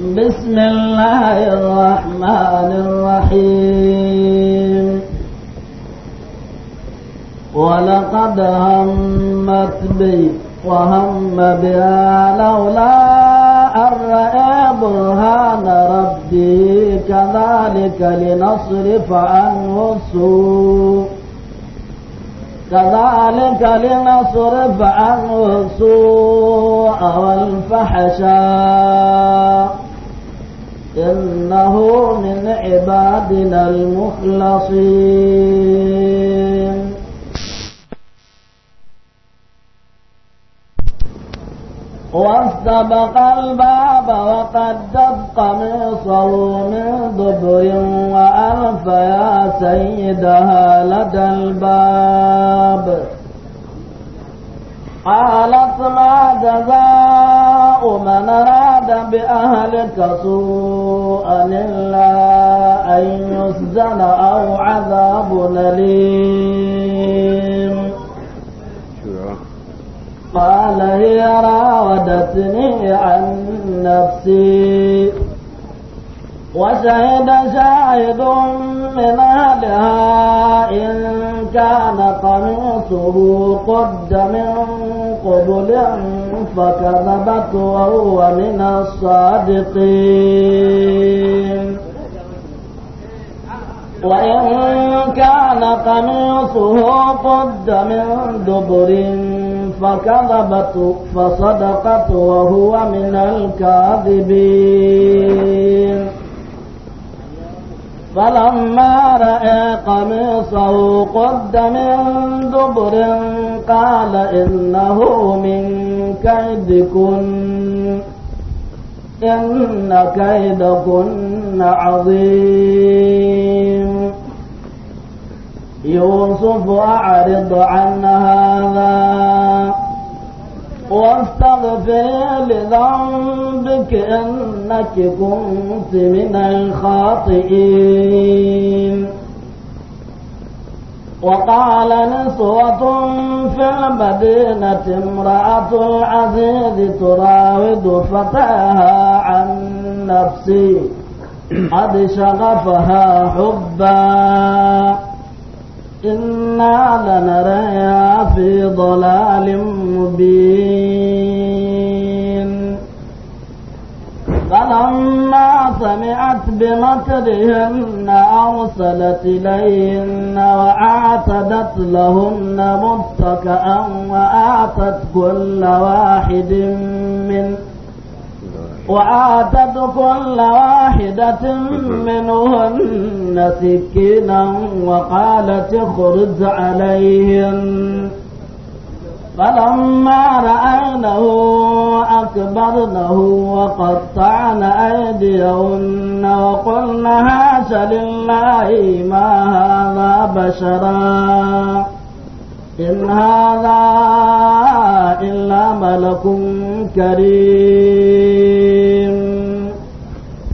بسم الله الرحمن الرحيم ولقد همت بي وهم بها لولا أن رأى برهان ربي كذلك لنصرف عنه السوء كذلك لنصرف عنه السوء والفحشاء إنه من عبادنا المخلصين واستبق الباب وقدت قميصه من دبر وألف يا سيدها لدى الباب قالت ما جزاك يشاء من أراد بأهلك سوءا إلا أن يسجن أو عذاب أليم قال هي راودتني عن نفسي وشهد شاهد من أهلها إن كان قميصه قد من قبل فكذبت وهو من الصادقين وإن كان قميصه قد من دبر فكذبت فصدقت وهو من الكاذبين فلما رأى قميصه قد من دبر قال إنه من كيدكن إن كيدكن عظيم يوسف أعرض عن هذا واستغفر لذنبك إنك كنت من الخاطئين وقال نسوة في المدينة امرأة العزيز تراود فتاها عن نفسي قد شغفها حبا إنا لنري في ضلال مبين فلما سمعت بمكرهن أرسلت إليهن وأعتدت لهن متكأ وآتت كل واحد منهن وآتت كل واحدة منهن سكينا وقالت اخرج عليهن فلما رأينه أكبرنه وقطعن أيديهن وقلن هاش لله ما هذا بشرا إن هذا إلا ملك كريم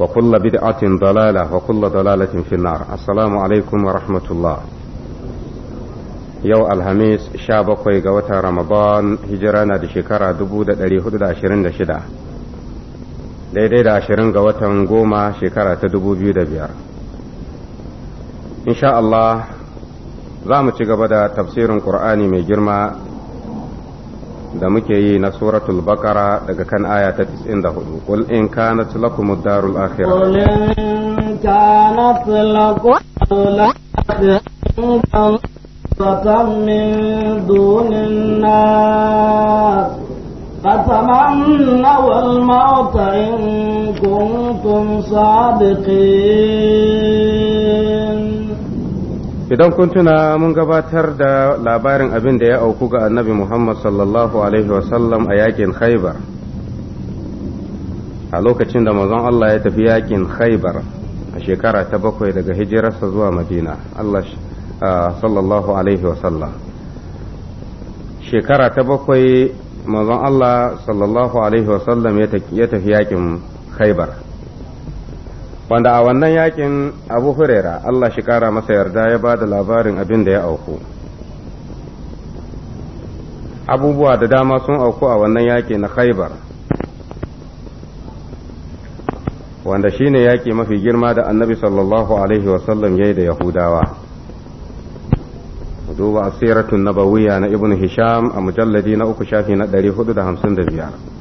وكل بدعة dalala وكل ضلالة في النار السلام عليكم ورحمة الله yau alhamis sha bakwai ga watan ramadan hijira na da shekara da shida. daidai da ashirin ga watan goma shekara ta dubu 2005 insha Allah za mu ci gaba da tafsirin ƙur'ani mai girma da muke yi na suratul bakara daga kan aya ta 94 qul in kanat lakum ad-darul akhirah qul in kanat lakum min dunin فتمنوا الموت إن كنتم صادقين idan kun tuna mun gabatar da labarin abin da ya auku ga annabi muhammad sallallahu alaihi wasallam a yakin khaibar a lokacin da manzon allah ya tafi yakin khaibar a shekara ta bakwai daga hijirarsa zuwa madina allah sallallahu alaihi wasallam shekara ta bakwai manzon allah sallallahu alaihi wasallam ya tafi yakin khaibar wanda a wannan yakin abu hurera Allah shi kara masa yarda ya ba da labarin abin da ya auku abubuwa da dama sun auku a wannan yaki na khaibar wanda shi ne yaƙi mafi girma da annabi sallallahu alaihi wasallam ya yi da yahudawa duba asiratun nabawiya na ibn hisham a mujalladi na uku shafi na 455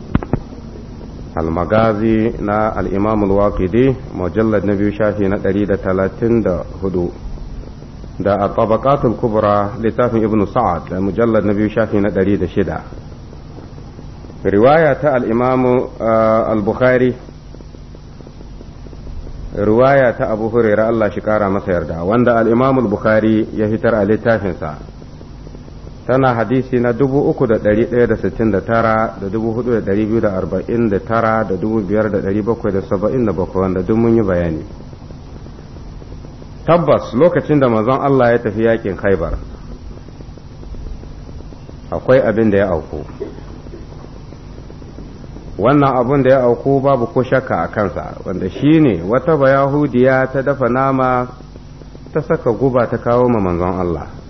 almagazi na al'imam al-waqidi mujallar na shafi na 134 da a tabakatul kubra littafin ibn sa'ad da mujallar na biyu shafi na 106 riwaya ta al'imamu uh, al-bukhari riwaya ta abu huraira Allah shi kara masa yarda wanda al'imamu al-bukhari ya fitar a littafinsa tana hadisi na uku da da bakwai wanda duk mun yi bayani tabbas lokacin da manzon Allah ya tafi yakin khaibar akwai abin da ya auku wannan abin da ya auku babu ko shakka a kansa wanda shi ne wata bayahudiya ta dafa nama ta saka guba ta kawo ma manzon Allah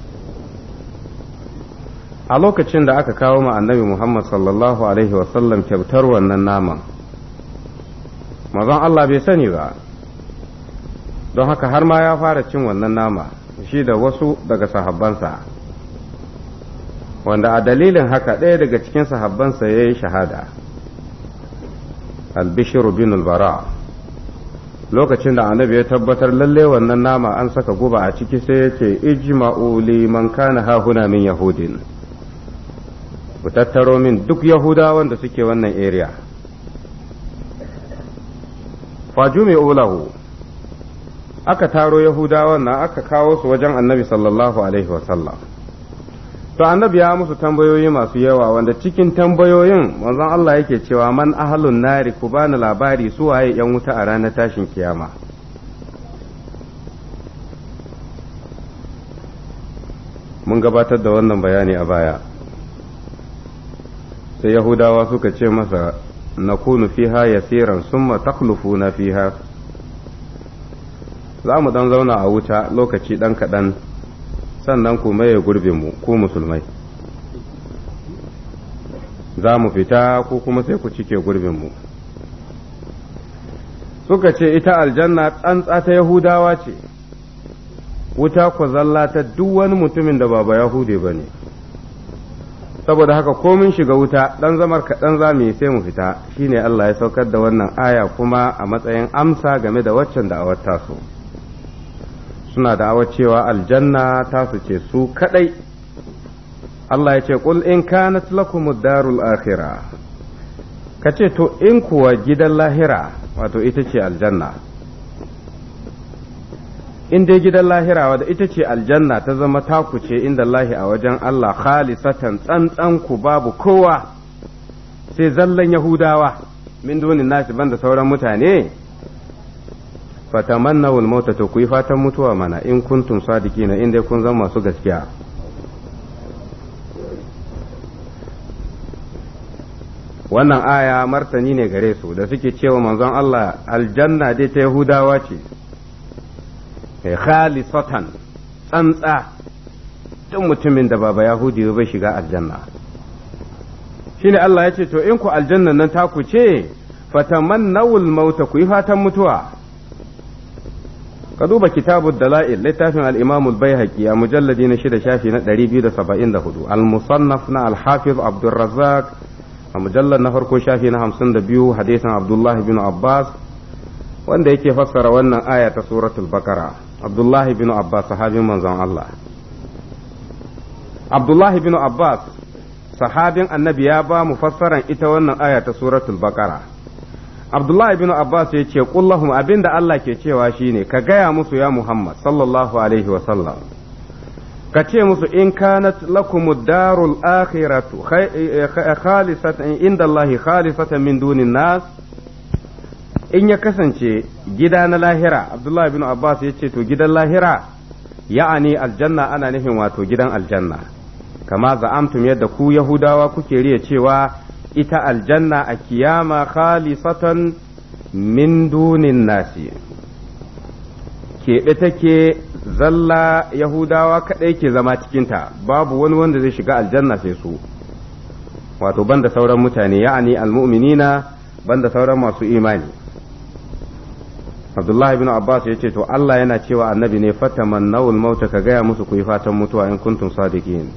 a lokacin da aka kawo ma annabi Muhammad sallallahu alaihi wasallam kyautar wannan naman mazan Allah bai sani ba don haka har ma ya fara cin wannan nama shi da wasu daga sahabbansa wanda a dalilin haka ɗaya daga cikin sahabbansa ya yi shahada albishiru bin albara lokacin da annabi ya tabbatar lalle wannan nama an saka guba a ciki sai ya ce ijma'u liman kana hahuna min yahudin ku tattaro min duk yahudawan da suke wannan area mai ulahu aka taro yahudawan na aka kawo su wajen annabi sallallahu alaihi wasallam to annabi ya musu tambayoyi masu yawa wanda cikin tambayoyin manzon Allah yake cewa man ahlun nari ku bani labari su waye yan wuta a ranar tashin kiyama mun gabatar da wannan bayani a baya sai yahudawa suka ce masa na kunu fiha yasiran summa na fiha za mu dan zauna a wuta lokaci ɗan kaɗan sannan ku maye gurbin mu ku musulmai za mu fita ko kuma sai ku cike gurbin mu suka ce ita aljanna tsantsa ta yahudawa ce wuta ku zalla ta duk wani mutumin da ba ba yahudi ba ne saboda haka ko mun shiga wuta dan zamar kaɗan za mu yi sai mu fita shine Allah ya saukar da wannan aya kuma a matsayin amsa game da waccan da awatta su suna da awar cewa aljanna ta su ce su kaɗai Allah ya ce kul in kanat lakum darul akhirah kace to in kuwa gidan lahira wato ita ce aljanna in dai gidan lahira wadda ita ce aljanna ta zama taku ce inda lahi a wajen Allah khalisatan tsantsan ku babu kowa sai zallan yahudawa min dunin nasi banda sauran mutane fatamannahu al-mauta to ku yi fatan mutuwa mana in kuntum sadiqina in dai kun zama masu gaskiya wannan aya martani ne gare su da suke cewa manzon Allah aljanna dai ta yahudawa ce Eh, khalisatan tsantsa duk mutumin da baba yahudi bai shiga aljanna shine Allah ya ce to in ku aljanna nan ku ce fatamannawul mauta ku yi fatan mutuwa ka duba kitabud dala'il littafin al-imam al bayhaqi a mujalladi na shida shafi na 274 al-musannaf na al-hafiz abdurrazzaq a mujallar na farko shafi na 52 hadisin abdullahi bin abbas wanda yake fassara wannan aya ta suratul baqara abdullahi bin abbas sahabin manzon Allah abdullahi bin abbas sahabin annabi ya bamu mu fassaran ita wannan aya ta suratul baqara abdullahi bin abbas ya ce kullahum abinda Allah ke cewa shine ka gaya musu ya muhammad sallallahu alaihi wa sallam ka ce musu in kanat lakumud darul akhiratu eh, khalisatan min dunin nas in ya kasance gida na lahira abdullahi bin abbas ya ce to gidan lahira ya'ani aljanna ana nufin wato gidan aljanna kama za'amtum yadda ku yahudawa kuke riya cewa ita aljanna a kiyama khalisatan min dunin nasi keɓe take zalla yahudawa kaɗai ke zama cikinta babu wani wanda zai shiga aljanna sai su wato banda sauran mutane ya'ani almu'minina banda sauran masu imani abdullahi bin abbas ya ce to allah yana cewa annabi ne fatamannawul mauta ka gaya musu ku yi fatan mutuwa in kuntum sadiqin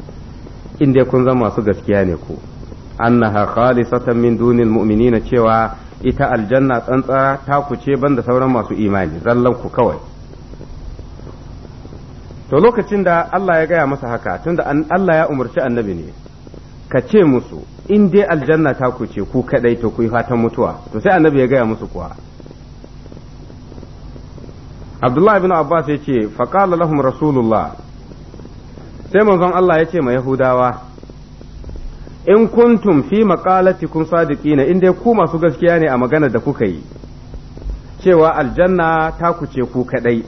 in dai kun zama masu gaskiya ne ku annaha khalisatan min dunil mu'minina cewa ita aljanna tsantsa ta ku ce banda sauran masu imani zallan ku kawai to lokacin da Allah ya gaya masa haka tunda Allah ya umarci annabi ne ka ce musu in dai aljanna ta ku ce ku kadai to ku yi fatan mutuwa to sai annabi ya gaya musu kuwa abdullahi bin abbas ya ce faƙala lahum rasulullah sai manzon allah ya ce ma yahudawa in kuntum fi kun sadiki na inda ku masu gaskiya ne a maganar da kuka yi cewa aljanna ta kuce ku kadai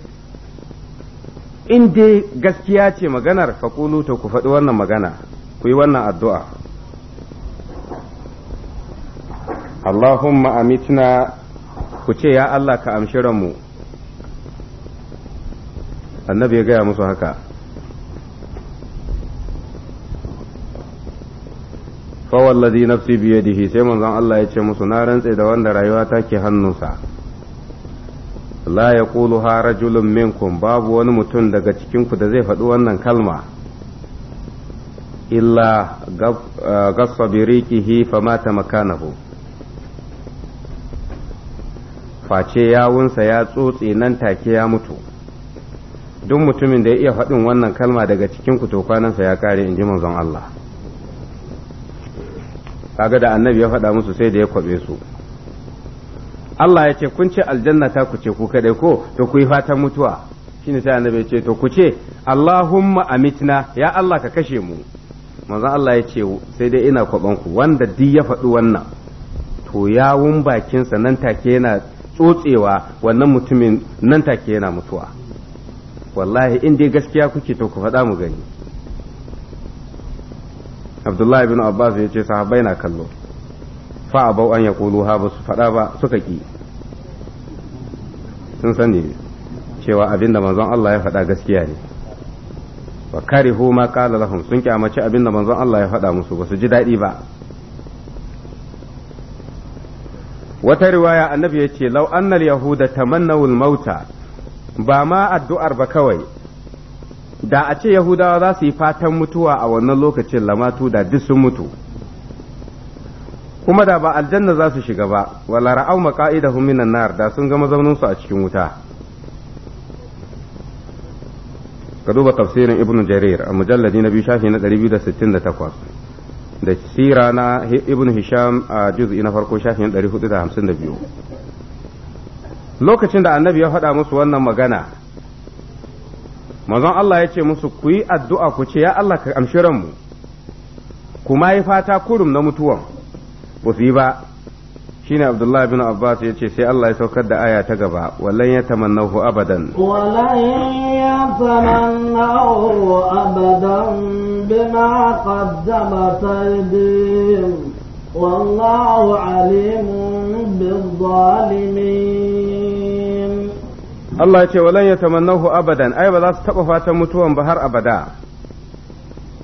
in dai gaskiya ce maganar faƙulu ta ku faɗi wannan magana ku yi wannan addu'a Allahumma amitina ku ce ya Allah ka amshi ranmu annabi ya gaya musu haka fawallazi nafsi biyadihi sai manzon Allah ya ce musu na rantse da wanda rayuwa take hannunsa la yaqulu ha rajulun minkum babu wani mutum daga cikin ku da zai faɗi wannan kalma illa gassa birikihi famata makanahu face yawunsa ya tsotse nan take ya mutu duk mutumin da ya iya faɗin wannan kalma daga cikin ku to kwanansa ya kare in ji manzon Allah kaga da annabi ya faɗa musu sai da ya kwabe su Allah ya ce kun ce aljanna ta ku ce ku kadai ko to ku yi fatan mutuwa shine sai annabi ya ce to ku ce Allahumma amitna ya Allah ka kashe mu manzon Allah ya ce sai dai ina kwaban ku wanda duk ya faɗi wannan to yawun bakinsa nan take yana tsotsewa wannan mutumin nan take yana mutuwa wallahi in dai gaskiya kuke to ku faɗa mu gani abdullahi bin abbas ya ce sahabbai na kallo fa abau an ya ha ba su faɗa ba suka ki sun sani cewa abin da manzon Allah ya faɗa gaskiya ne wa karihu ma kala lahum sun kyamaci abin da manzon Allah ya faɗa musu ba su ji daɗi ba wata riwaya annabi ya ce lau annal yahuda tamannawul mauta ba ma addu'ar ba kawai da a ce yahudawa za su yi fatan mutuwa a wannan lokacin lamatu da duk sun mutu kuma da ba aljanna za su shiga ba wala ra'au maka'ida minan nar da sun gama mazaunin su a cikin wuta ka duba tafsirin ibnu jarir a mujalladi na biyu shafi na 268 da sira na ibnu hisham a juz'i na farko shafi na 452 lokacin da annabi ya faɗa musu wannan magana mazan Allah ya ce musu ku yi addu'a ku ce ya Allah ka amshi ranmu kuma yi fata kurum na mutuwan ba su yi ba Shi ne Abdullahi bin Abbas ya ce sai Allah ya saukar da aya ta gaba wallan ya tamannahu abadan wallan ya tamannahu abadan bima Allah ce walan ya tamannahu abadan ai ba za su taba fatan mutuwan ba har abada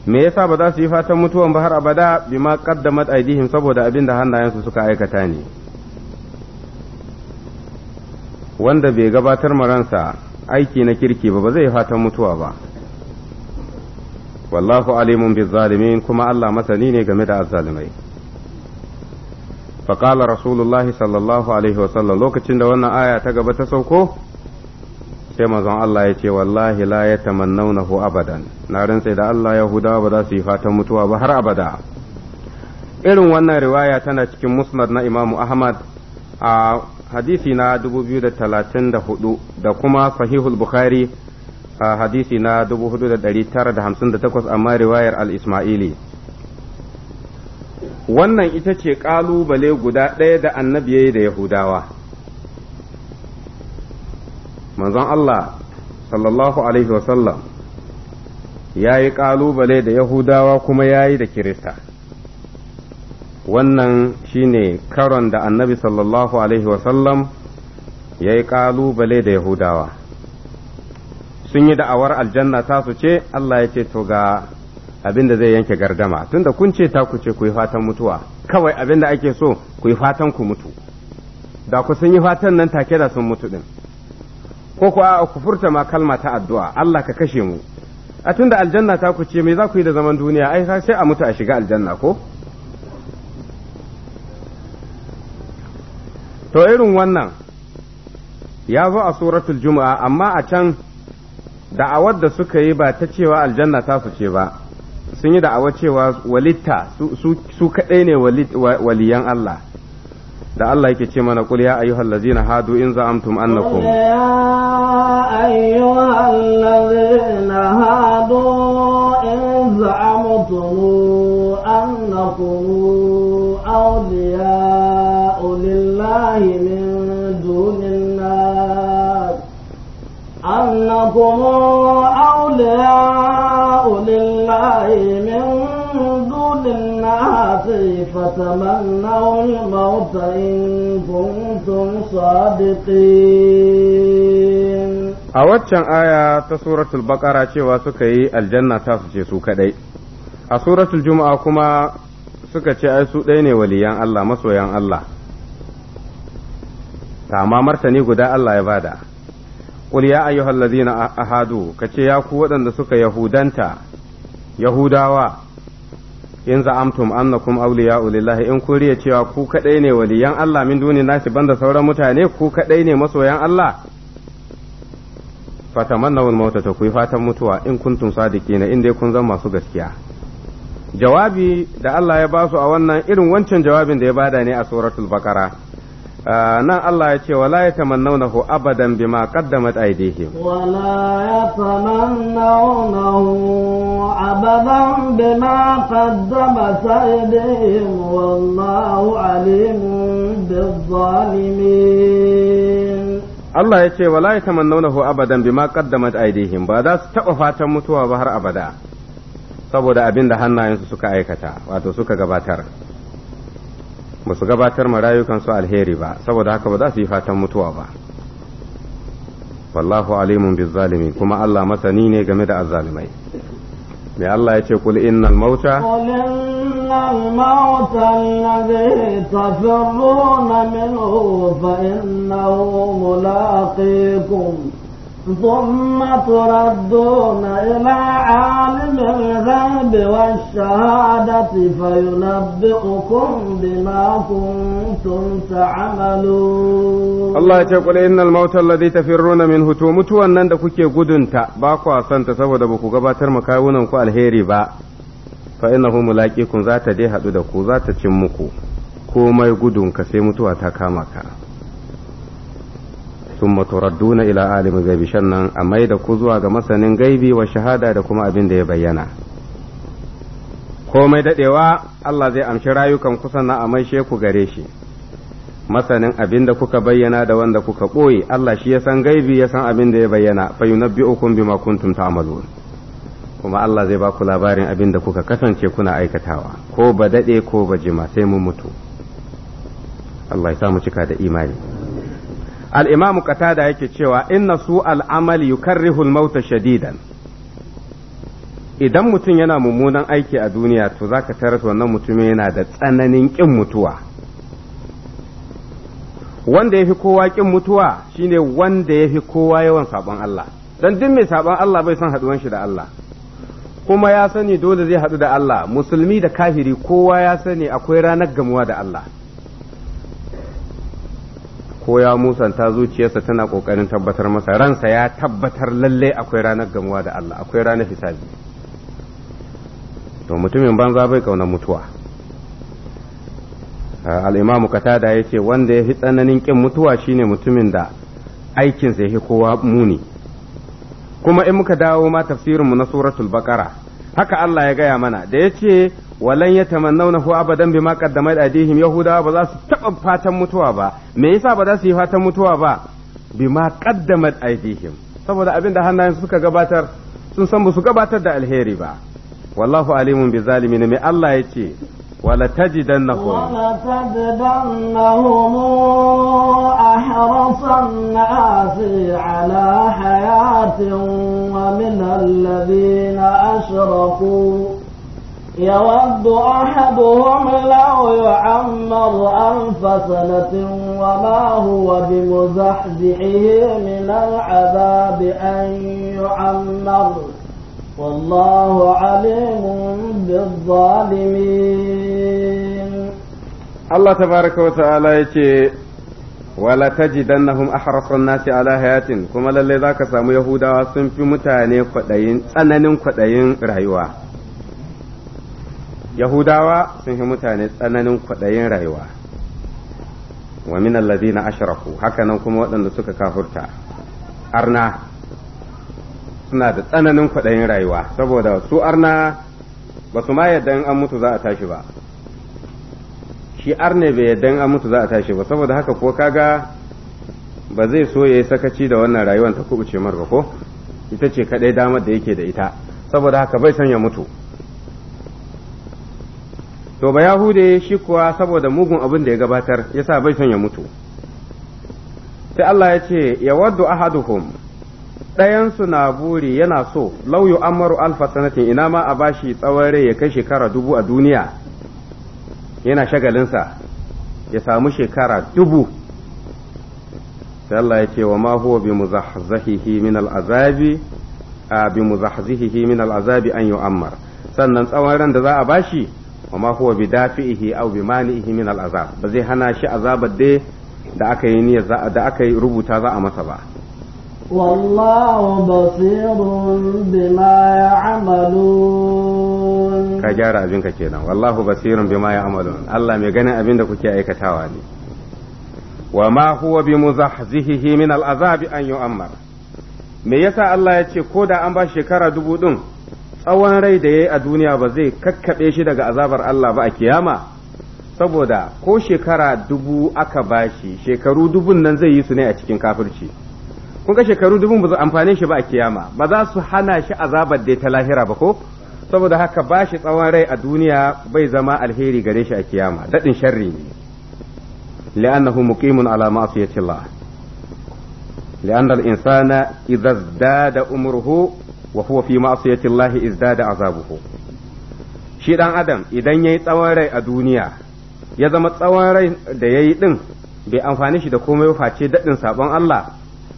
me yasa ba za su yi fatan mutuwan ba har abada bima qaddamat aidihim saboda abin da hannayensu suka aikata ne wanda bai gabatar maransa aiki na kirki ba ba zai fatan mutuwa ba wallahu alimun bizzalimin kuma Allah masani ne game da azzalimai فقال رسول الله صلى الله عليه وسلم da wannan aya ta gaba ta sauko sai mazan Allah ya ce wallahi la ya tamannahu abadan na sai da Allah yahudawa ba za su yi fatan mutuwa ba har abada irin wannan riwaya tana cikin musnad na imamu Ahmad a hadisi na 2034 da kuma sahihul bukhari a hadisi na 4958 amma riwayar al-Ismaili wannan ita ce ƙalubale guda ɗaya da annabi da Yahudawa manzon Allah sallallahu alaihi wasallam ya yi ƙalubale da yahudawa kuma ya yi da kirista wannan shine karon da annabi sallallahu alaihi wasallam ya yi ƙalubale da yahudawa sun yi da'awar aljanna ta su ce Allah ya ce to ga abin da zai yanke gardama tunda kun ce ta ku ce ku yi fatan mutuwa kawai abin da ake so ku yi fatan ku mutu da ku sun yi fatan nan take da sun mutu din ko kuwa ku furta ma kalma ta addu'a Allah ka kashe mu a tunda aljanna ta ku ce me za ku yi da zaman duniya ai sai a mutu a shiga aljanna ko to irin wannan ya zo a suratul juma'a amma a can da'awar da suka yi ba ta cewa aljanna ta su ce ba sun yi da'awar cewa walitta su kaɗai ne waliyan Allah da Allah yake ce mana qul ya ayyuhal ladzina hadu in za'amtum annakum ya ayyuhal ladzina hadu in za'amtum annakum awliya lillahi min dunin nas annakum awliya lillahi أخي الموت إن كنتم صادقين a waccan aya ta suratul baqara cewa suka yi aljanna ta su kaɗai, a suratul juma'a kuma suka ce ai su ɗaya ne waliyan Allah masoyan Allah amma martani guda Allah ya bada qul ya ayyuhallazina ahadu kace ya ku waɗanda suka yahudanta yahudawa in za'amtum annakum awliya'u lillahi in kun riya cewa ku kadai ne waliyan Allah min duni nasi banda sauran mutane ku kadai ne masoyan Allah fatamannaw al-mauta ta ku fatan mutuwa in kuntum sadiqina in dai kun zama masu gaskiya jawabi da Allah ya basu a wannan irin wancan jawabin da ya bada ne a suratul baqara Ah, nan Allah ya ce wala ya tamannahu abadan bima qaddamat aydihim wala ya tamannahu abadan bima qaddamat aydihim wallahu alimun bizzalimin Allah ya ce wala ya tamannahu abadan bima qaddamat aydihim ba za su taba fatan mutuwa ba har abada saboda abin da hannayensu suka aikata wato suka gabatar ba su gabatar ma rayukansu alheri ba saboda haka ba za su yi fatan mutuwa ba wallahu alimun zalimi kuma Allah masani ne game da azzalimai mai Allah ya ce kul innal mauta الموت الذي تفرون منه فإنه ملاقيكم ثم تردون إلى عالم الغيب والشهادة فينبئكم بما كنتم تعملون الله يقول إن الموت الذي تفرون منه تومتوا أنن دكوكي قدنتا باكو أسان تسوى دبكو قباتر مكاونا كو الهيري با فإنه ملاقيكم ذات ديها دودكو ذات تشمكو كو ما يقدن كسيمتوا تكامكا ثم تردون ila عالم ghaibi shannan a mai da ku zuwa ga masanin gaibi wa shahada da kuma abin da ya bayyana komai dadewa Allah zai amshi rayukan ku sannan a maishe ku gare shi masanin abin da kuka bayyana da wanda kuka ɓoye Allah shi ya san gaibi ya san abin da ya bayyana fa yunabbi'ukum bima kuntum ta'malun kuma Allah zai ba ku labarin abin da kuka kasance kuna aikatawa ko ba dade ko ba jima sai mun mutu Allah ya sa mu cika da imani al-imamu da yake cewa inna su al-amal yukarrihu mauta shadidan idan mutum yana mummunan aiki a duniya to za zaka tarar wannan mutumin yana da tsananin ƙin mutuwa wanda ya fi kowa ƙin mutuwa shine wanda ya fi kowa yawan sabon Allah don duk mai sabon Allah bai san haɗuwan shi da Allah kuma ya sani dole zai haɗu da Allah musulmi da kafiri kowa ya sani akwai ranar gamuwa da Allah ko ya musanta zuciyarsa tana kokarin tabbatar masa ransa ya tabbatar lalle akwai ranar gamuwa da Allah akwai ranar hisabi to mutumin banza bai kauna mutuwa al'imamu katada ya ce wanda ya fi tsananin ƙin mutuwa shine mutumin da aikinsa ya kowa muni kuma in muka dawo ma tafsirinmu na suratul baqara haka Allah ya gaya mana da ya ce walan ya tamannauna hu abadan bima qaddamat aydihim yahudawa ba za su taba fatan mutuwa ba me yasa ba za su yi fatan mutuwa ba bima qaddamat aydihim saboda abin da hannayen suka gabatar sun san su gabatar da alheri ba wallahu alimun bi zalimin me Allah yace wala tajidannahum wala tajidannahum ahrasan nasi ala hayatin wa min alladhina ashraku يود أحدهم لو يعمر ألف سنة وما هو بمزحزحه من العذاب أن يعمر والله عليم بالظالمين الله تبارك وتعالى يتي ولا تجدنهم أحرص الناس على حياة كما للي ذاك سامو يهودا سنفي متاني قدين سنن قدين رأيوه yahudawa sun yi mutane tsananin kwaɗayin rayuwa wa min alladhina ashraku hakanan kuma waɗanda suka kafurta arna suna da tsananin kwaɗayin rayuwa saboda su arna ba su ma yadda in an mutu za a tashi ba shi arne bai yadda in an mutu za a tashi ba saboda haka ko kaga ba zai so ya yi sakaci da wannan rayuwar ta kubuce mar ba ko ita ce kaɗai damar da yake da ita saboda haka bai son ya mutu to ba yahude shi kuwa saboda mugun abin da ya gabatar yasa bai son ya mutu sai Allah ya ce ya waddu ahaduhum ɗayansu na buri yana so lauyo amaru alfa sanatin ina ma a bashi tsawon rai ya kai shekara dubu a duniya yana shagalinsa ya samu shekara dubu sai Allah ya ce wa ma huwa bi muzahzahihi min al'azabi a bi min al'azabi an yu'ammar sannan tsawon ran da za a bashi wa ma huwa bi dafi'ihi aw bi mani'ihi min al'azab ba zai hana shi azabar dai da aka yi niyya da aka yi rubuta za a masa ba wallahu basirun bima ya'malun ka gyara abin ka kenan wallahu basirun bima ya'malun Allah mai ganin abin da kuke aikatawa ne wa ma huwa bi muzahzihihi min al'azab an yu'ammar me yasa Allah ya ce ko da an ba shekara dubu din tsawon rai da ya yi a duniya ba zai kakkaɓe shi daga azabar Allah ba a kiyama saboda ko shekara dubu aka bashi shekaru dubun nan zai yi su ne a cikin kafirci kun ga shekaru dubun ba su amfane shi ba a kiyama ba za su hana shi azabar da ta lahira ba ko saboda haka bashi tsawon rai a duniya bai zama alheri gare shi a kiyama daɗin sharri ne li'annahu muqimun ala ma'siyatillah li'anna al-insana idza da umruhu wa huwa fi ma'siyati Allah izdada azabuhu shi dan adam idan yayi tsawon rai a duniya ya zama tsawon rai da yayi din bai amfani shi da komai face daɗin sabon Allah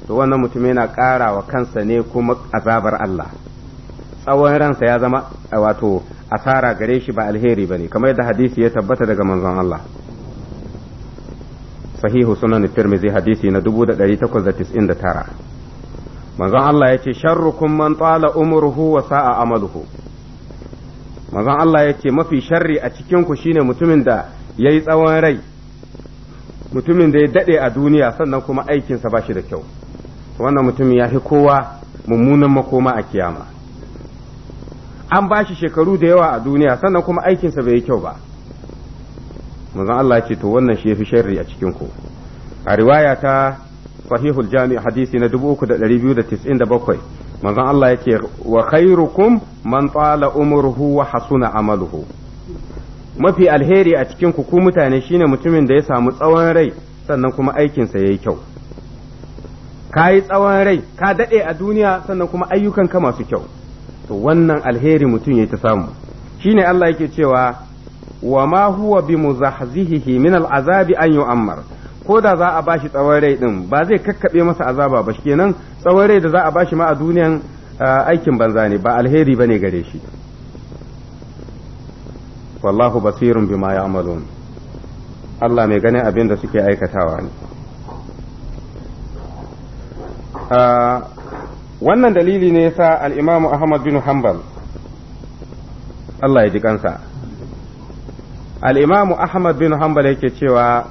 to wannan mutum yana ƙara wa kansa ne kuma azabar Allah tsawon ransa ya zama wato asara gare shi ba alheri ba ne kamar yadda hadisi ya tabbata daga manzon Allah sahihu sunan tirmizi hadisi na 1899 manzon Allah ya ce sharrukum man tsala umruhu wa sa'a amaluhu manzon Allah ya mafi sharri a cikin ku shine mutumin da yayi tsawon rai mutumin da ya dade a duniya sannan kuma aikinsa ba shi da kyau wannan mutumin ya fi kowa mummunan makoma a kiyama an ba shi shekaru da yawa a duniya sannan kuma aikinsa bai yi kyau ba manzon Allah ya to wannan shi ya fi sharri a cikin ku a riwaya ta sahihul jami hadisi na bakwai manzon Allah yake wa khairukum man tsala umurhu wa hasuna amaluhu mafi alheri a cikin ku ku mutane shine mutumin da ya samu tsawon rai sannan kuma aikinsa yayi kyau ka yi tsawon rai ka daɗe a duniya sannan kuma ayyukanka masu kyau to wannan alheri mutum ya ta samu shine Allah yake cewa wa ma huwa bi muzahzihihi min al'azabi an yu'ammar ko da za a bashi tsawon rai din ba zai kakkaɓe masa azaba ba kenan tsawon rai da za a bashi ma a duniyan aikin banza ne ba alheri ba ne gare shi wallahu basirun bima ya'malun Allah mai ganin abin da suke aikatawa ne wannan dalili ne yasa al imamu Ahmad bin Hanbal Allah ya ji kansa al imamu Ahmad bin Hanbal yake cewa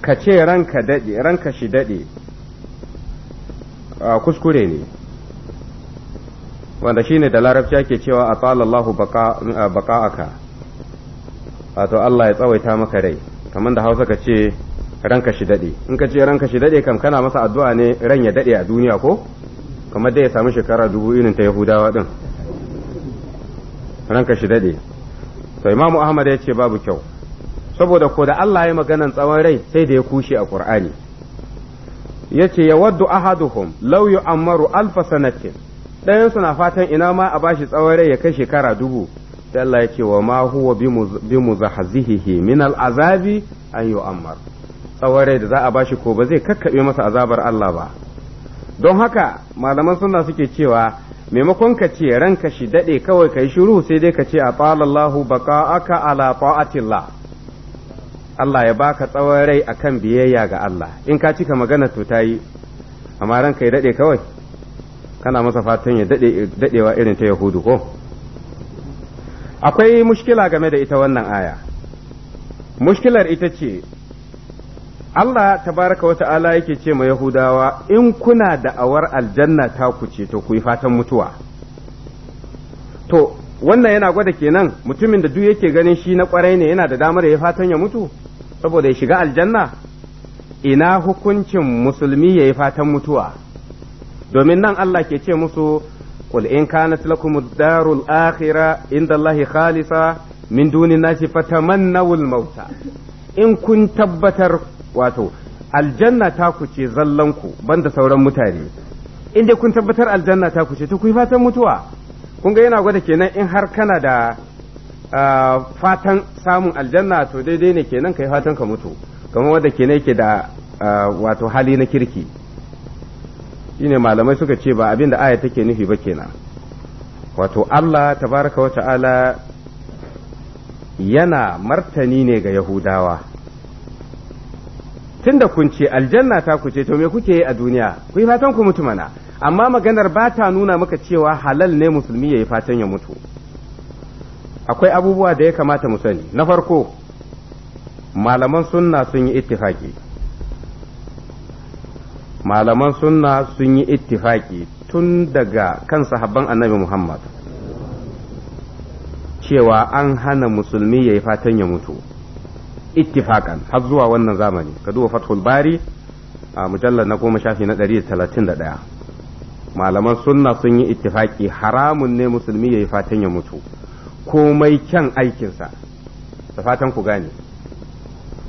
ka ce ranka daɗe ranka shi daɗe kuskure ne wanda shine da larabci ake cewa a tsalallahu baka'aka wato Allah ya tsawaita maka rai kamar da hausa ka ce ranka shi daɗe in ka ce ranka shi daɗe kam kana masa addu'a ne ran ya daɗe a duniya ko kamar dai ya samu shekara dubu irin ta yahudawa ɗin ranka shi daɗe to imamu ahmad ya ce babu kyau saboda ko da Allah ya maganan tsawon rai sai da ya kushe a Qur'ani yace ya waddu ahaduhum law yu'ammaru alf sanatin ɗayan suna fatan ina ma a bashi tsawon rai ya kai shekara dubu sai Allah yake wa ma huwa bi muzahzihihi min al'azabi an yu'ammar tsawon rai da za a bashi ko ba zai kakkabe masa azabar Allah ba don haka malaman sunna suke cewa maimakon ka ce ranka shi dade kawai kai shiru sai dai ka ce a aka ala ta'atillah Allah ya baka tsawon rai akan biyayya ga Allah in ka cika magana to ta yi amma ranka ya daɗe kawai kana masa fatan ya daɗewa irin ta yahudu ko akwai mushkila game da ita wannan aya mushkilar ita ce Allah tabaraka wata ta'ala yake ce ma Yahudawa in kuna da awar aljanna ta ku ce to ku yi fatan mutuwa to wannan yana gwada kenan mutumin da duk yake ganin shi na kwarai ne yana da damar ya fatan ya mutu saboda ya shiga aljanna ina hukuncin musulmi ya yi fatan mutuwa domin nan Allah ke ce musu kul in kana talakum khalisa min duni kun tabbatar wato aljanna ta ku ce zallan ku banda sauran mutane inda kun tabbatar aljanna ta ku ce to ku yi fatan mutuwa kun ga yana gwada kenan in har kana da Ah, fatan samun aljanna to daidai ne kenan kai fatan ka mutu kamar wanda kenan yake da ah, wato hali na kirki shine malamai suka ce ba abin da aya take nufi ba kenan wato Allah tabaraka wata'ala yana martani ne ga Yahudawa tun da kun ce aljanna ta ku ce to me kuke yi a duniya ku yi fatan ku mutu mana amma maganar ba ta nuna maka cewa halal ne musulmi ya yi fatan ya mutu akwai abubuwa da ya kamata mu sani na farko malaman sunna sun yi ittifaki malaman sunna sun yi ittifaki tun daga kan sahabban annabi muhammad cewa an hana musulmi ya yi fatan ya mutu ittifakan har zuwa wannan zamani ka duba fathul bari a mujallar na goma shafi na 131 malaman sunna sun yi ittifaki haramun ne musulmi ya yi fatan ya mutu komai kyan aikinsa da fatan ku gane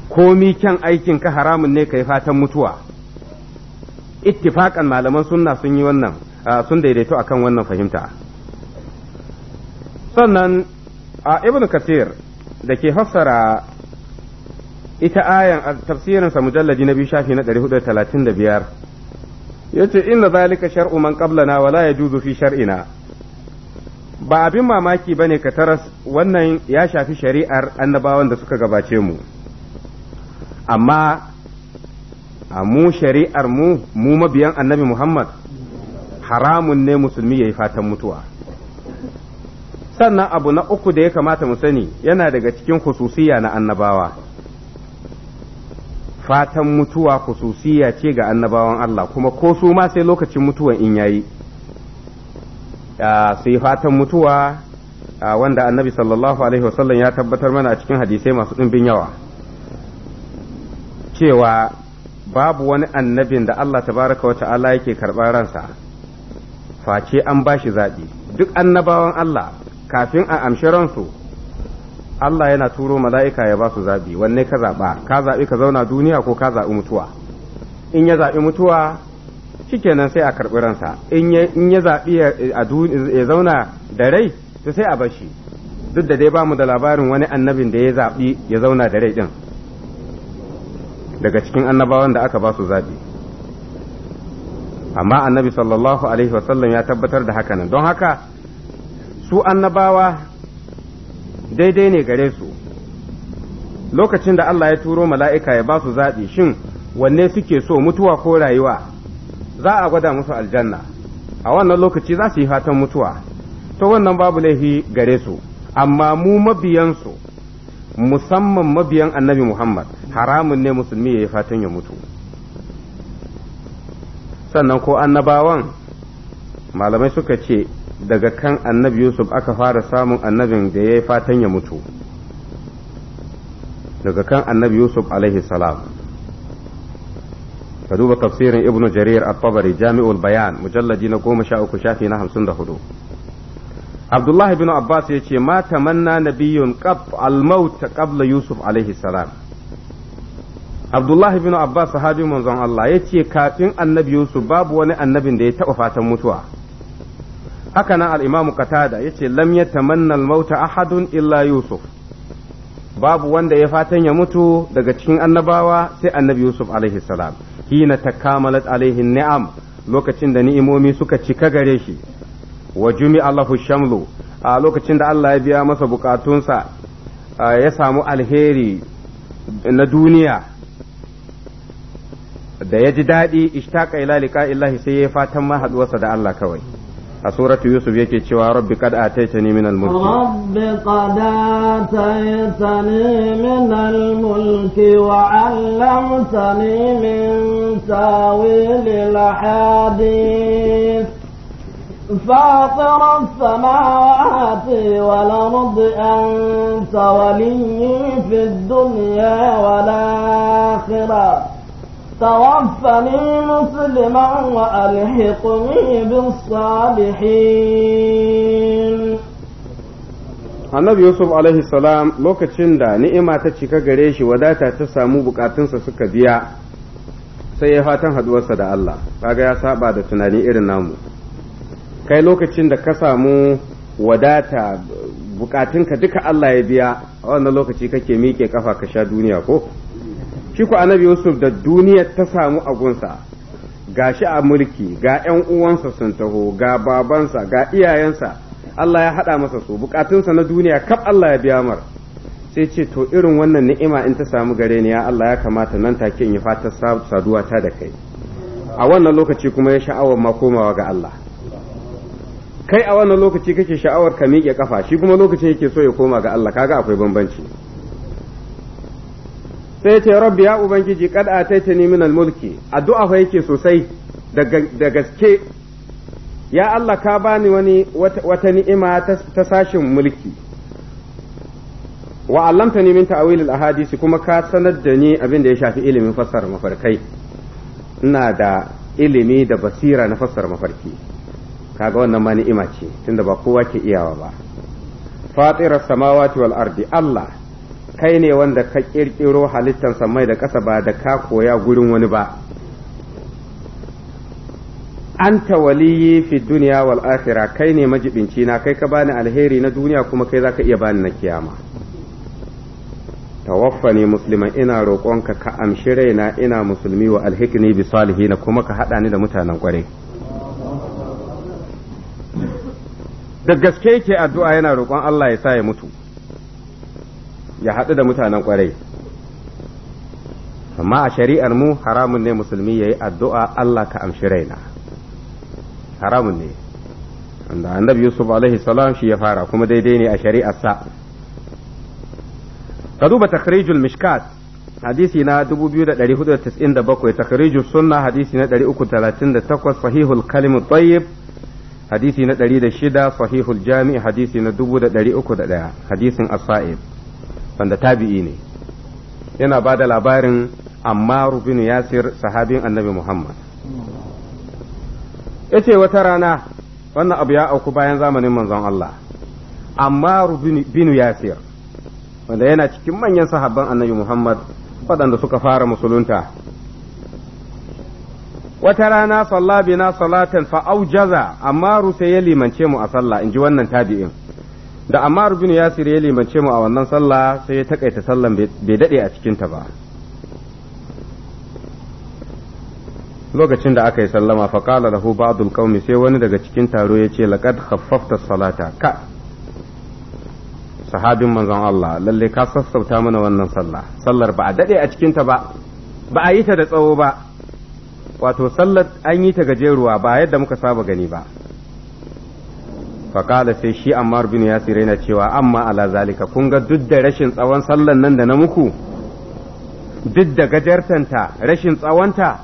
komi kyan aikin ka haramun ne yi fatan mutuwa ittifakan malaman sunna sun yi wannan sun daidaito akan wannan fahimta sannan a ibn kasir da ke fassara ita ayan a tafsirinsa mujalladi na biyu shafi na 435 yace inna zalika shar'u man qablana wala yajuzu fi shar'ina ba abin mamaki bane ka taras wannan ya shafi shari'ar annabawan da suka gabace mu amma a mu shari'ar mu mu mabiyan annabi Muhammad haramun ne musulmi ya yi fatan mutuwa sannan abu na uku da ya kamata mu sani yana daga cikin hususiya na annabawa fatan mutuwa hususiya ce ga annabawan Allah kuma ko su ma sai lokacin mutuwan in yayi su yi fatan mutuwa wanda annabi sallallahu alaihi wasallam ya tabbatar mana a cikin hadisai masu ɗumbin yawa cewa babu wani annabin da Allah tabaraka wa ta'ala yake karɓar ransa face an ba shi zaɓi duk annabawan Allah kafin a amshi ransu Allah yana turo mala'ika ya ba su zaɓi wanne ka zaɓa ka zaɓi ka zauna duniya ko ka zaɓi mutuwa in ya zaɓi mutuwa shikenan sai a karɓi ransa in ya zaɓi ya zauna da rai to sai a bashi duk da dai ba mu da labarin wani annabin da ya zaɓi ya zauna da rai ɗin daga cikin annabawan da aka ba su zaɓi amma annabi sallallahu alaihi wasallam ya tabbatar da hakanan don haka su annabawa daidai ne gare su lokacin da Allah ya turo mala'ika ya ba su zaɓi shin wanne suke so mutuwa ko rayuwa za a gwada musu aljanna a wannan lokaci za su yi fatan mutuwa to wannan babu laifi gare su amma mu mabiyansu musamman mabiyan annabi muhammad haramun ne musulmi ya yi fatan ya mutu sannan ko annabawan malamai suka ce daga kan annabi yusuf aka fara samun annabin da ya yi fatan ya mutu daga kan annabi yusuf alaihi salam ka duba tafsirin ibnu jarir at-tabari jami'ul bayan mujallaji na goma sha uku shafi na hamsin da hudu abdullahi bin abbas ya ce ma tamanna nabiyyun qab al-maut qabla yusuf alaihi salam abdullahi bin abbas sahabi manzon Allah ya ce kafin annabi yusuf babu wani annabin da ya taɓa fatan mutuwa haka nan al-imam qatada ya ce lam yatamanna al-maut ahadun illa yusuf babu wanda ya fatan ya mutu daga cikin annabawa sai annabi yusuf alaihi salam hina takamalat alaihi ni'am lokacin da ni'imomi suka cika gare shi wa jumi allahu shamlu a lokacin da Allah ya biya masa bukatunsa ya samu alheri na duniya da ya ji daɗi ishtaqa ila liqa'illahi sai ya fatan ma haɗuwarsa da Allah kawai a suratu yusuf yake cewa rabbi qad ataitani min al-mulki rabbi qad ataitani min al-mulki wa 'allamtani min tawil al-hadith فاطر السماوات والأرض أنت ولي في الدنيا والآخرة توفني مسلما وألحقني بالصالحين annabi yusuf alaihi salam lokacin da ni'ima ta cika gare shi wadata ta samu bukatunsa suka biya sai ya fatan haduwarsa da Allah kaga ya saba da tunani irin namu kai lokacin da ka samu wadata bukatunka duka Allah ya biya a wannan lokaci kake miƙe kafa ka sha duniya ko shi ku annabi yusuf da duniya ta samu agunsa ga shi a mulki ga ‘yan uwansa sun taho ga babansa ga iyayensa Allah ya haɗa masa su bukatunsa na duniya kaf Allah ya biya mar sai ce to irin wannan ni'ima in ta samu gare ni ya Allah ya kamata nan take in yi fatar saduwa ta da kai a wannan lokaci kuma ya sha'awar ma komawa ga Allah kai a wannan lokaci kake sha'awar ka miƙe kafa shi kuma lokacin yake so ya koma ga Allah kaga akwai bambanci sai ce rabbi ya ubangiji kad ataita ni min mulki addu'a fa yake sosai da gaske ya Allah ka bani wani wata ni'ima ta sashin mulki wa allamtani min ta'awil al-ahadisi kuma ka sanar da ni abin da ya shafi ilimin fassara mafarkai ina da ilimi da basira na fassara mafarki kaga wannan ma ni'ima ce tunda ba kowa ke iyawa ba fatirar samawati wal ardi Allah kai ne wanda ka ƙirƙiro halittar mai da ƙasa ba da ka koya gurin wani ba anta waliyi fi duniya wal akhirah kai ne majibinci na kai ka bani alheri na duniya kuma kai zaka iya bani na kiyama tawaffani musliman ina roƙonka ka amshi raina ina musulmi wa alhikni bi salihina kuma ka haɗa ni da mutanen ƙwarai da gaske yake addu'a yana roƙon Allah ya sa ya mutu ya haɗu da mutanen kwarai amma a shari'ar mu haramun ne musulmi ya yi addu'a Allah ka amshi raina haramun ne wanda annabi yusuf alaihi salam shi ya fara kuma daidai ne a shari'arsa ka duba takhrijul mishkat hadisi na 2497 takhrijul sunna hadisi na 338 sahihul kalimu tsayib hadisi na 106 sahihul jami'i hadisi na 301 hadisin as wanda tabi'i ne yana ba da labarin ammaru bin yasir sahabin annabi muhammad ya ce wata rana wannan abu ya auku bayan zamanin manzon Allah ammaru bin yasir wanda yana cikin manyan sahabban annabi muhammad waɗanda suka fara musulunta wata rana salla bina salatan fa aujaza Ammaru sai ya limance mu a sallah in ji wannan tabi'in da amma bin Yasir ya limance mu a wannan sallah sai ya takaita sallan bai daɗe a cikin ta ba lokacin da aka yi sallama fa qala lahu ba'dul qaumi sai wani daga cikin taro ya ce laqad khaffafta salata ka sahabin manzon Allah lalle ka sassauta mana wannan sallah sallar ba a dade a cikin ta ba ba a yi ta da tsawo ba wato sallar an yi ta gajeruwa ba yadda muka saba gani ba faƙala sai shi ammar bin yasir na cewa amma ala zalika kun ga duk da rashin tsawon sallan nan da na muku duk da gajartanta rashin tsawonta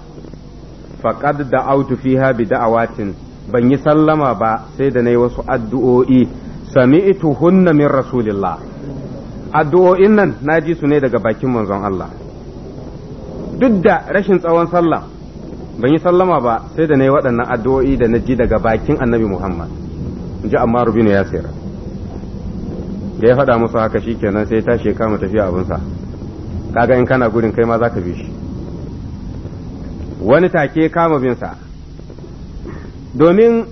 faƙad da autu fiha bi da'awatin ban yi sallama ba sai da na yi wasu addu'o'i sami'tu hunna min rasulillah addu'o'in nan na ji su ne daga bakin manzon Allah duk da rashin tsawon sallah ban yi sallama ba sai da na yi waɗannan addu'o'i da na ji daga bakin annabi Muhammad ji amma rubin ya sayar da ya faɗa musu haka shi kenan sai ta ya kama tafiya abinsa kaga in kana gudun kai ma za ka bi shi wani take kama binsa domin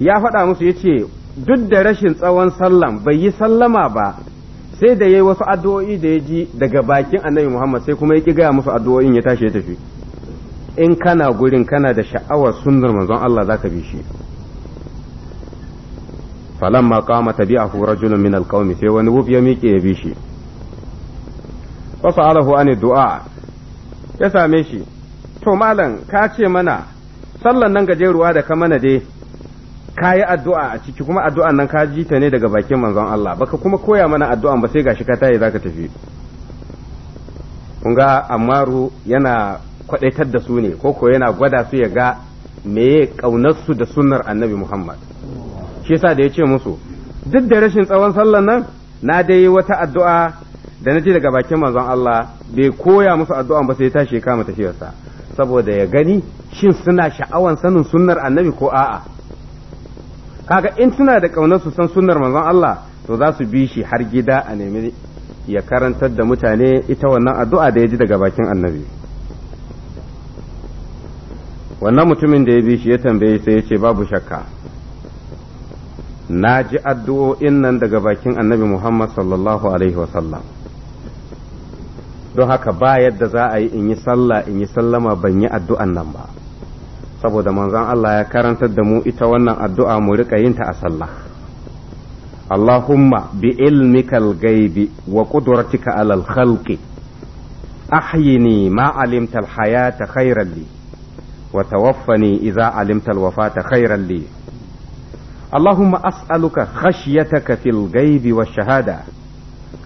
ya faɗa musu ya ce duk da rashin tsawon sallam bai yi sallama ba sai da ya yi wasu addu'o'i da ya ji daga bakin annabi Muhammad sai kuma ya ƙi gaya musu addu'o'in ya tashi ya tafi in kana gurin kana da sha'awar sunnar manzon Allah za ka bi shi falamma qama tabi'ahu rajulun min alqaumi sai wani wuf ya miƙe ya bi shi fa alahu an du'a ya same shi to malam ka ce mana sallan nan gajeruwa da ka mana dai ka yi addu'a a ciki kuma addu'an nan ka ji ta ne daga bakin manzon Allah baka kuma koya mana addu'an ba sai gashi ka tayi zaka tafi kunga amma Ammaru yana kwadaitar da su ne ko ko yana gwada su ya ga meye kaunar su da sunnar Annabi Muhammad shi yasa da ya ce musu duk da rashin tsawon sallar nan na dai wata addu'a da na ji daga bakin manzon Allah bai koya musu addu'a ba sai ta tashi kama tafiyarsa saboda ya gani shin suna sha'awan sanin sunnar annabi ko a'a kaga in suna da kaunar su san sunnar manzon Allah to za su bi shi har gida a nemi ya karantar da mutane ita wannan addu'a da ya ji daga bakin annabi wannan mutumin da ya bi shi ya tambaye sai ya ce babu shakka na ji addu'o'in nan daga bakin annabi Muhammad sallallahu Alaihi wasallam don haka ba yadda za a yi in yi sallah in yi sallama ban yi addu'an nan ba saboda manzon Allah ya karantar da mu ita wannan addu'a mu riƙa yin ta a sallah Allahumma bi ilmikal gaibi wa ƙudurtika alal khalqi ahyini ma alimtal hayata khairan li wa tawaffani idza alimtal wafata khairan اللهم أسألك خشيتك في الغيب والشهادة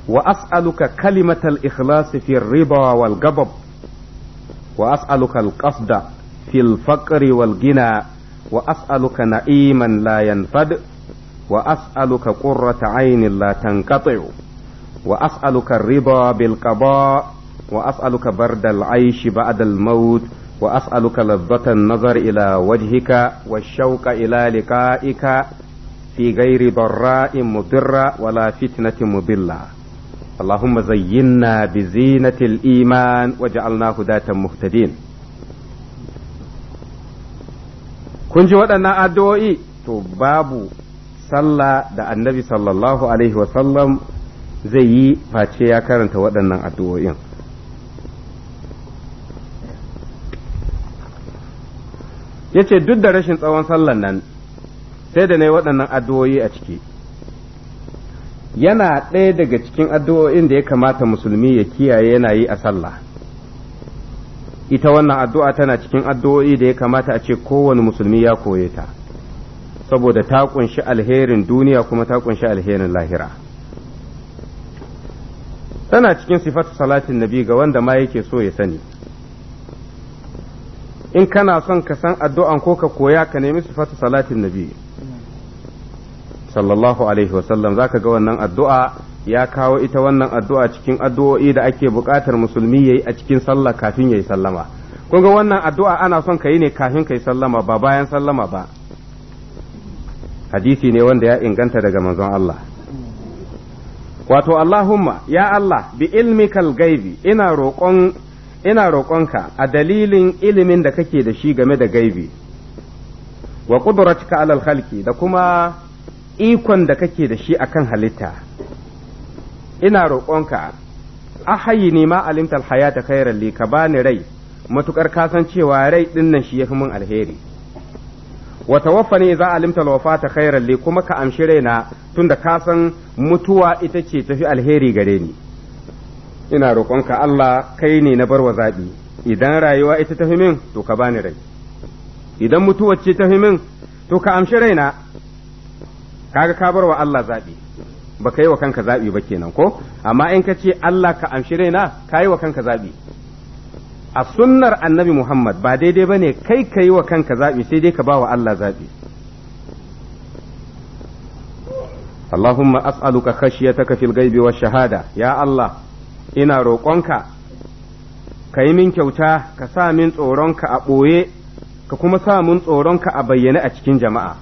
وأسألك كلمة الإخلاص في الرضا والقبض وأسألك القصد في الفقر والغنى وأسألك نعيما لا ينفد وأسألك قرة عين لا تنقطع وأسألك الرضا بالقضاء وأسألك برد العيش بعد الموت وأسألك لذة النظر إلى وجهك والشوق إلى لقائك في غير ضراء مضرة ولا فتنة مضلة اللهم زينا بزينة الإيمان وجعلنا هداة مهتدين kun ji waɗannan addu'o'i to babu sallah da annabi sallallahu alaihi wasallam zai yi face ya karanta waɗannan addu'o'in yace duk da rashin tsawon sallan nan sai da yi waɗannan addu'o'i a ciki yana ɗaya daga cikin addu'o'in da ya kamata musulmi ya kiyaye yana yi a sallah ita wannan addu'a tana cikin addu'o'i da ya kamata a ce kowane musulmi ya koye ta saboda ta kunshi alherin duniya kuma ta kunshi alherin lahira tana cikin sifatu salatin nabi ga wanda ma yake so ya sani in kana son ka san addu'an ko ka koya ka nemi sifatu salatin nabi sallallahu alaihi wasallam za ka ga wannan addu'a ya kawo ita wannan addu'a cikin addu'o'i da ake buƙatar musulmi ya yi a cikin sallah kafin ya yi sallama kun ga wannan addu'a ana son ka yi ne kafin ka yi sallama ba bayan sallama ba hadisi ne wanda ya inganta daga manzon Allah wato Allahumma ya Allah bi ilmikal gaibi ina roƙon ina roƙonka a dalilin ilimin da kake da shi game da gaibi wa ƙuduratka alal halki da kuma ikon da kake da shi akan halitta ina roƙonka ahayi ne ma haya hayata kai-ralle ka bani rai matukar kasan cewa rai dinnan shi ya fi min alheri wa tawaffani alimtar wafa ta ta ralle kuma ka amshi raina tunda kasan mutuwa ita ce tafi alheri gare ni ina roƙonka Allah kai ne na barwa zaɓi idan rayuwa ita tafi min to ka bani rai idan mutuwar ce tafi min to ka amshi raina kaga ka barwa Allah zaɓi ba ka yi wa kanka zaɓi ba kenan ko amma in ka ce Allah ka amshi raina ka yi wa kanka zaɓi a sunnar annabi Muhammad ba daidai ba ne kai ka yi wa kanka zaɓi sai dai ka ba wa Allah zaɓi اللهم أسألك خشيتك في الغيب والشهادة يا الله ina roƙonka ka yi min kyauta ka sa min tsoronka a ɓoye ka kuma sa min tsoronka a bayyane a cikin jama'a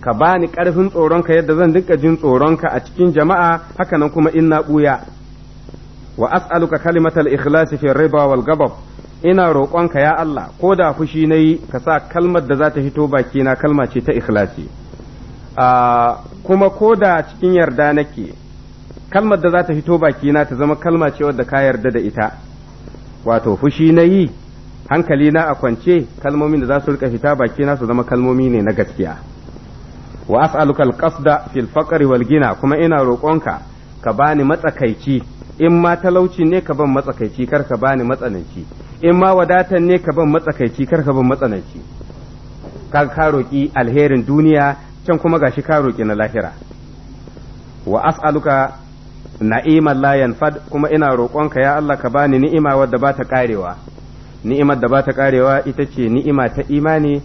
ka ba ni ƙarfin tsoronka yadda zan dinka jin tsoronka a cikin jama'a haka nan kuma in na ɓuya wa as'aluka kalimatal ikhlasi fi riba wal gabab ina roƙonka ya Allah ko da fushi na yi ka sa kalmar da za ta fito na kalma ce ta ikhlasi ah, kuma ko da cikin yarda nake kalmar da za ta fito bakina ta zama kalma ce wadda ka yarda da ita wato fushi na yi hankali na a kwance kalmomin da za su rika fita bakina su zama kalmomi ne na gaskiya wa as'aluka alqasda fil faqri wal gina kuma ina roƙonka ka bani matsakaici in ma talauci ne ka ban matsakaici kar ka bani matsananci in ma wadatan ne ka ban matsakaici kar ka ban matsananci ka ka roƙi alherin duniya can kuma gashi ka roƙi na lahira wa as'aluka na'iman la Fad kuma ina roƙonka ya Allah ka bani ni'ima wadda ba ta karewa ni'imar da ba ta karewa ita ce ni'ima ta imani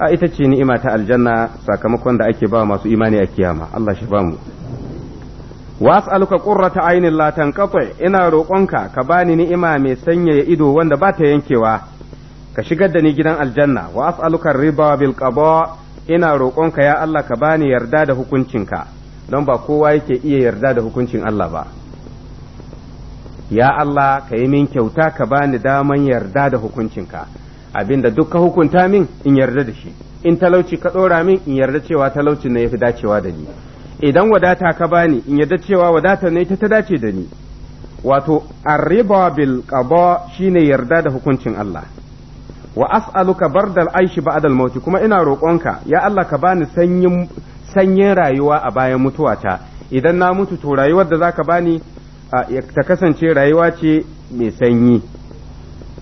a ita ce ni'ima ta aljanna sakamakon da ake ba masu imani a kiyama Allah shi bamu was'aluka qurrata ainin la tanqati ina roƙonka ka bani ni'ima mai sanyaya ido wanda ba ta yankewa ka shigar da ni gidan aljanna was'aluka riba bil qada ina roƙonka ya Allah ka bani yarda da hukuncinka don ba kowa yake iya yarda da hukuncin Allah ba ya Allah ka yi min kyauta ka bani daman yarda da hukuncinka abinda duk ka hukunta min in yarda da shi in talauci ka ɗora min in yarda cewa talauci ne yafi dacewa da ni idan wadata ka bani in yarda cewa wadata ne ta ta dace da ni wato arriba bil qada shine yarda da hukuncin Allah wa as'aluka bardal aishi ba'dal mauti kuma ina roƙonka ya Allah ka bani sanyin sanyin rayuwa a bayan ta idan na mutu to rayuwar da zaka bani ta kasance rayuwa ce mai sanyi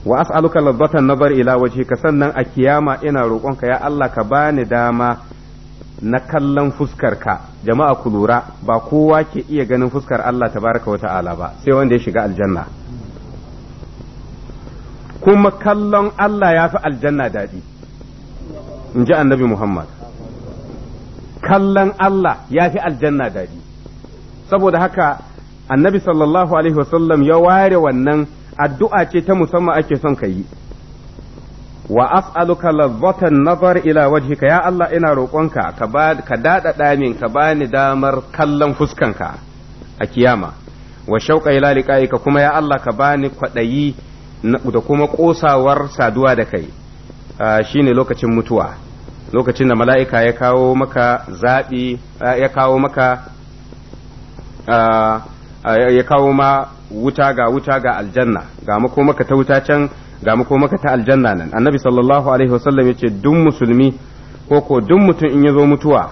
wa as'aluka ladzatan nazar ila ka sannan a kiyama ina roƙonka ya Allah ka bani dama na kallon fuskar ka jama'a ku lura ba kowa ke iya ganin fuskar Allah tabaraka wa ta'ala ba sai wanda ya shiga aljanna kuma kallon Allah ya fi aljanna daɗi in ji annabi Muhammad kallon Allah ya fi aljanna daɗi saboda haka annabi sallallahu alaihi wasallam ya ware wannan addu'a ce ta musamman ake son ka yi wa as'aluka ladzatan nazar ila wajhika ya Allah ina roƙonka ka ba ka dada min ka bani damar kallon fuskanka a kiyama wa shauqa ila liqa'ika kuma ya Allah ka bani kwadayi da kuma kosawar saduwa da kai ah, shine lokacin mutuwa lokacin da mala'ika ya kawo maka zaɓi ya kawo maka ya kawo ma wuta ga wuta ga aljanna ga mako maka ta wuta can ga mako maka ta aljanna nan annabi sallallahu alaihi wasallam ya ce duk musulmi ko ko duk mutum in ya zo mutuwa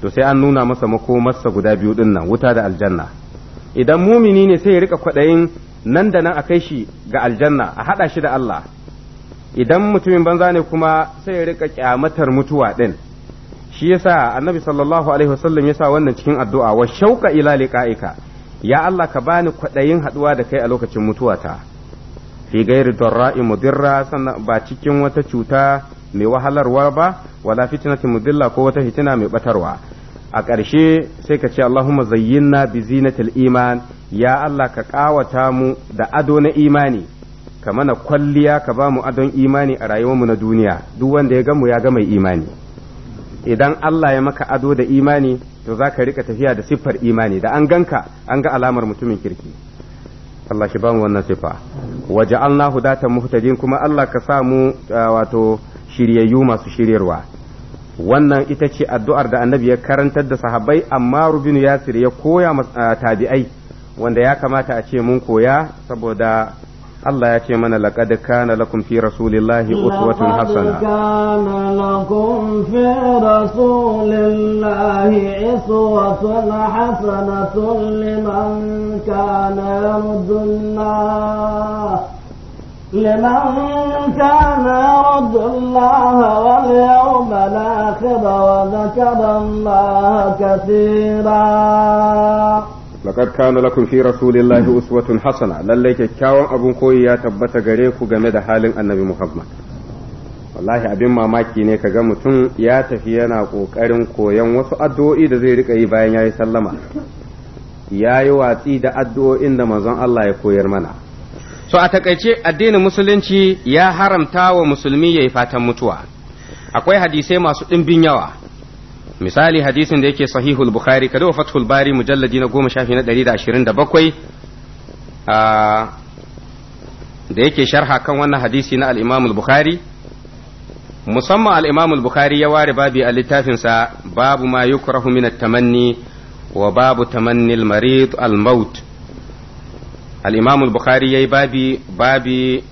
to sai an nuna masa mako makomarsa guda biyu din nan wuta da aljanna idan mumini ne sai ya rika kwaɗayin nan da nan a kai shi ga aljanna a haɗa shi da Allah idan mutumin banza ne kuma sai ya rika kyamatar mutuwa din shi yasa annabi sallallahu alaihi wasallam yasa wannan cikin addu'a wa shauka ila liqa'ika ya Allah ka bani kwaɗayin haɗuwa da kai a lokacin mutuwa ta. fi ghairi darra'i mudirra sannan ba cikin wata cuta mai wahalarwa ba wala fitnati mudilla ko wata fitina mai batarwa a ƙarshe sai ka ce Allahumma zayyinna bi zinatil iman ya Allah ka ƙawata mu da ado na imani ka mana kwalliya ka ba mu adon imani a rayuwarmu na duniya duk wanda ya gamu ya ga mai imani idan Allah ya maka ado da imani to za ka rika tafiya da siffar imani da an ganka an ga alamar mutumin kirki Allah shi ba mu wannan siffa waje Allah hudatan muhtajin kuma Allah ka sa mu wato shiryayyu masu shiryarwa wannan ita ce addu'ar da annabi ya karantar da sahabbai amma rubinu yasir ya koya tabi'ai wanda ya kamata a ce mun koya saboda Allah ya ce mana laqad kana lakum fi rasulillahi uswatun hasana laqad kana lakum fi rasulillahi uswatun hasanatun liman kana yarjullah لمن كان يرجو الله واليوم الآخر وذكر الله كثيرا laqad Kano lakun fi rasulillahi uswatun hasana lallai kyakkyawan abin koyi ya tabbata gare ku game da halin annabi muhammad wallahi abin mamaki ne ka ga mutum ya tafi yana kokarin koyon wasu addu'o'i da zai rika yi bayan yayi sallama ya yi watsi da addu'o'in da manzon Allah ya koyar mana so a takaice addinin musulunci ya haramta wa musulmi yayi fatan mutuwa akwai hadisai masu ɗimbin yawa misali hadisin da yake sahihul bukhari kada wa fathul bari mujalladi na goma shafi na 127 da yake sharha kan wannan hadisi na al bukhari musamman al-imam bukhari ya ware babi a littafinsa babu ma yukrahu min at-tamanni wa babu tamanni marid al-maut al-imam al-bukhari yayi babi babi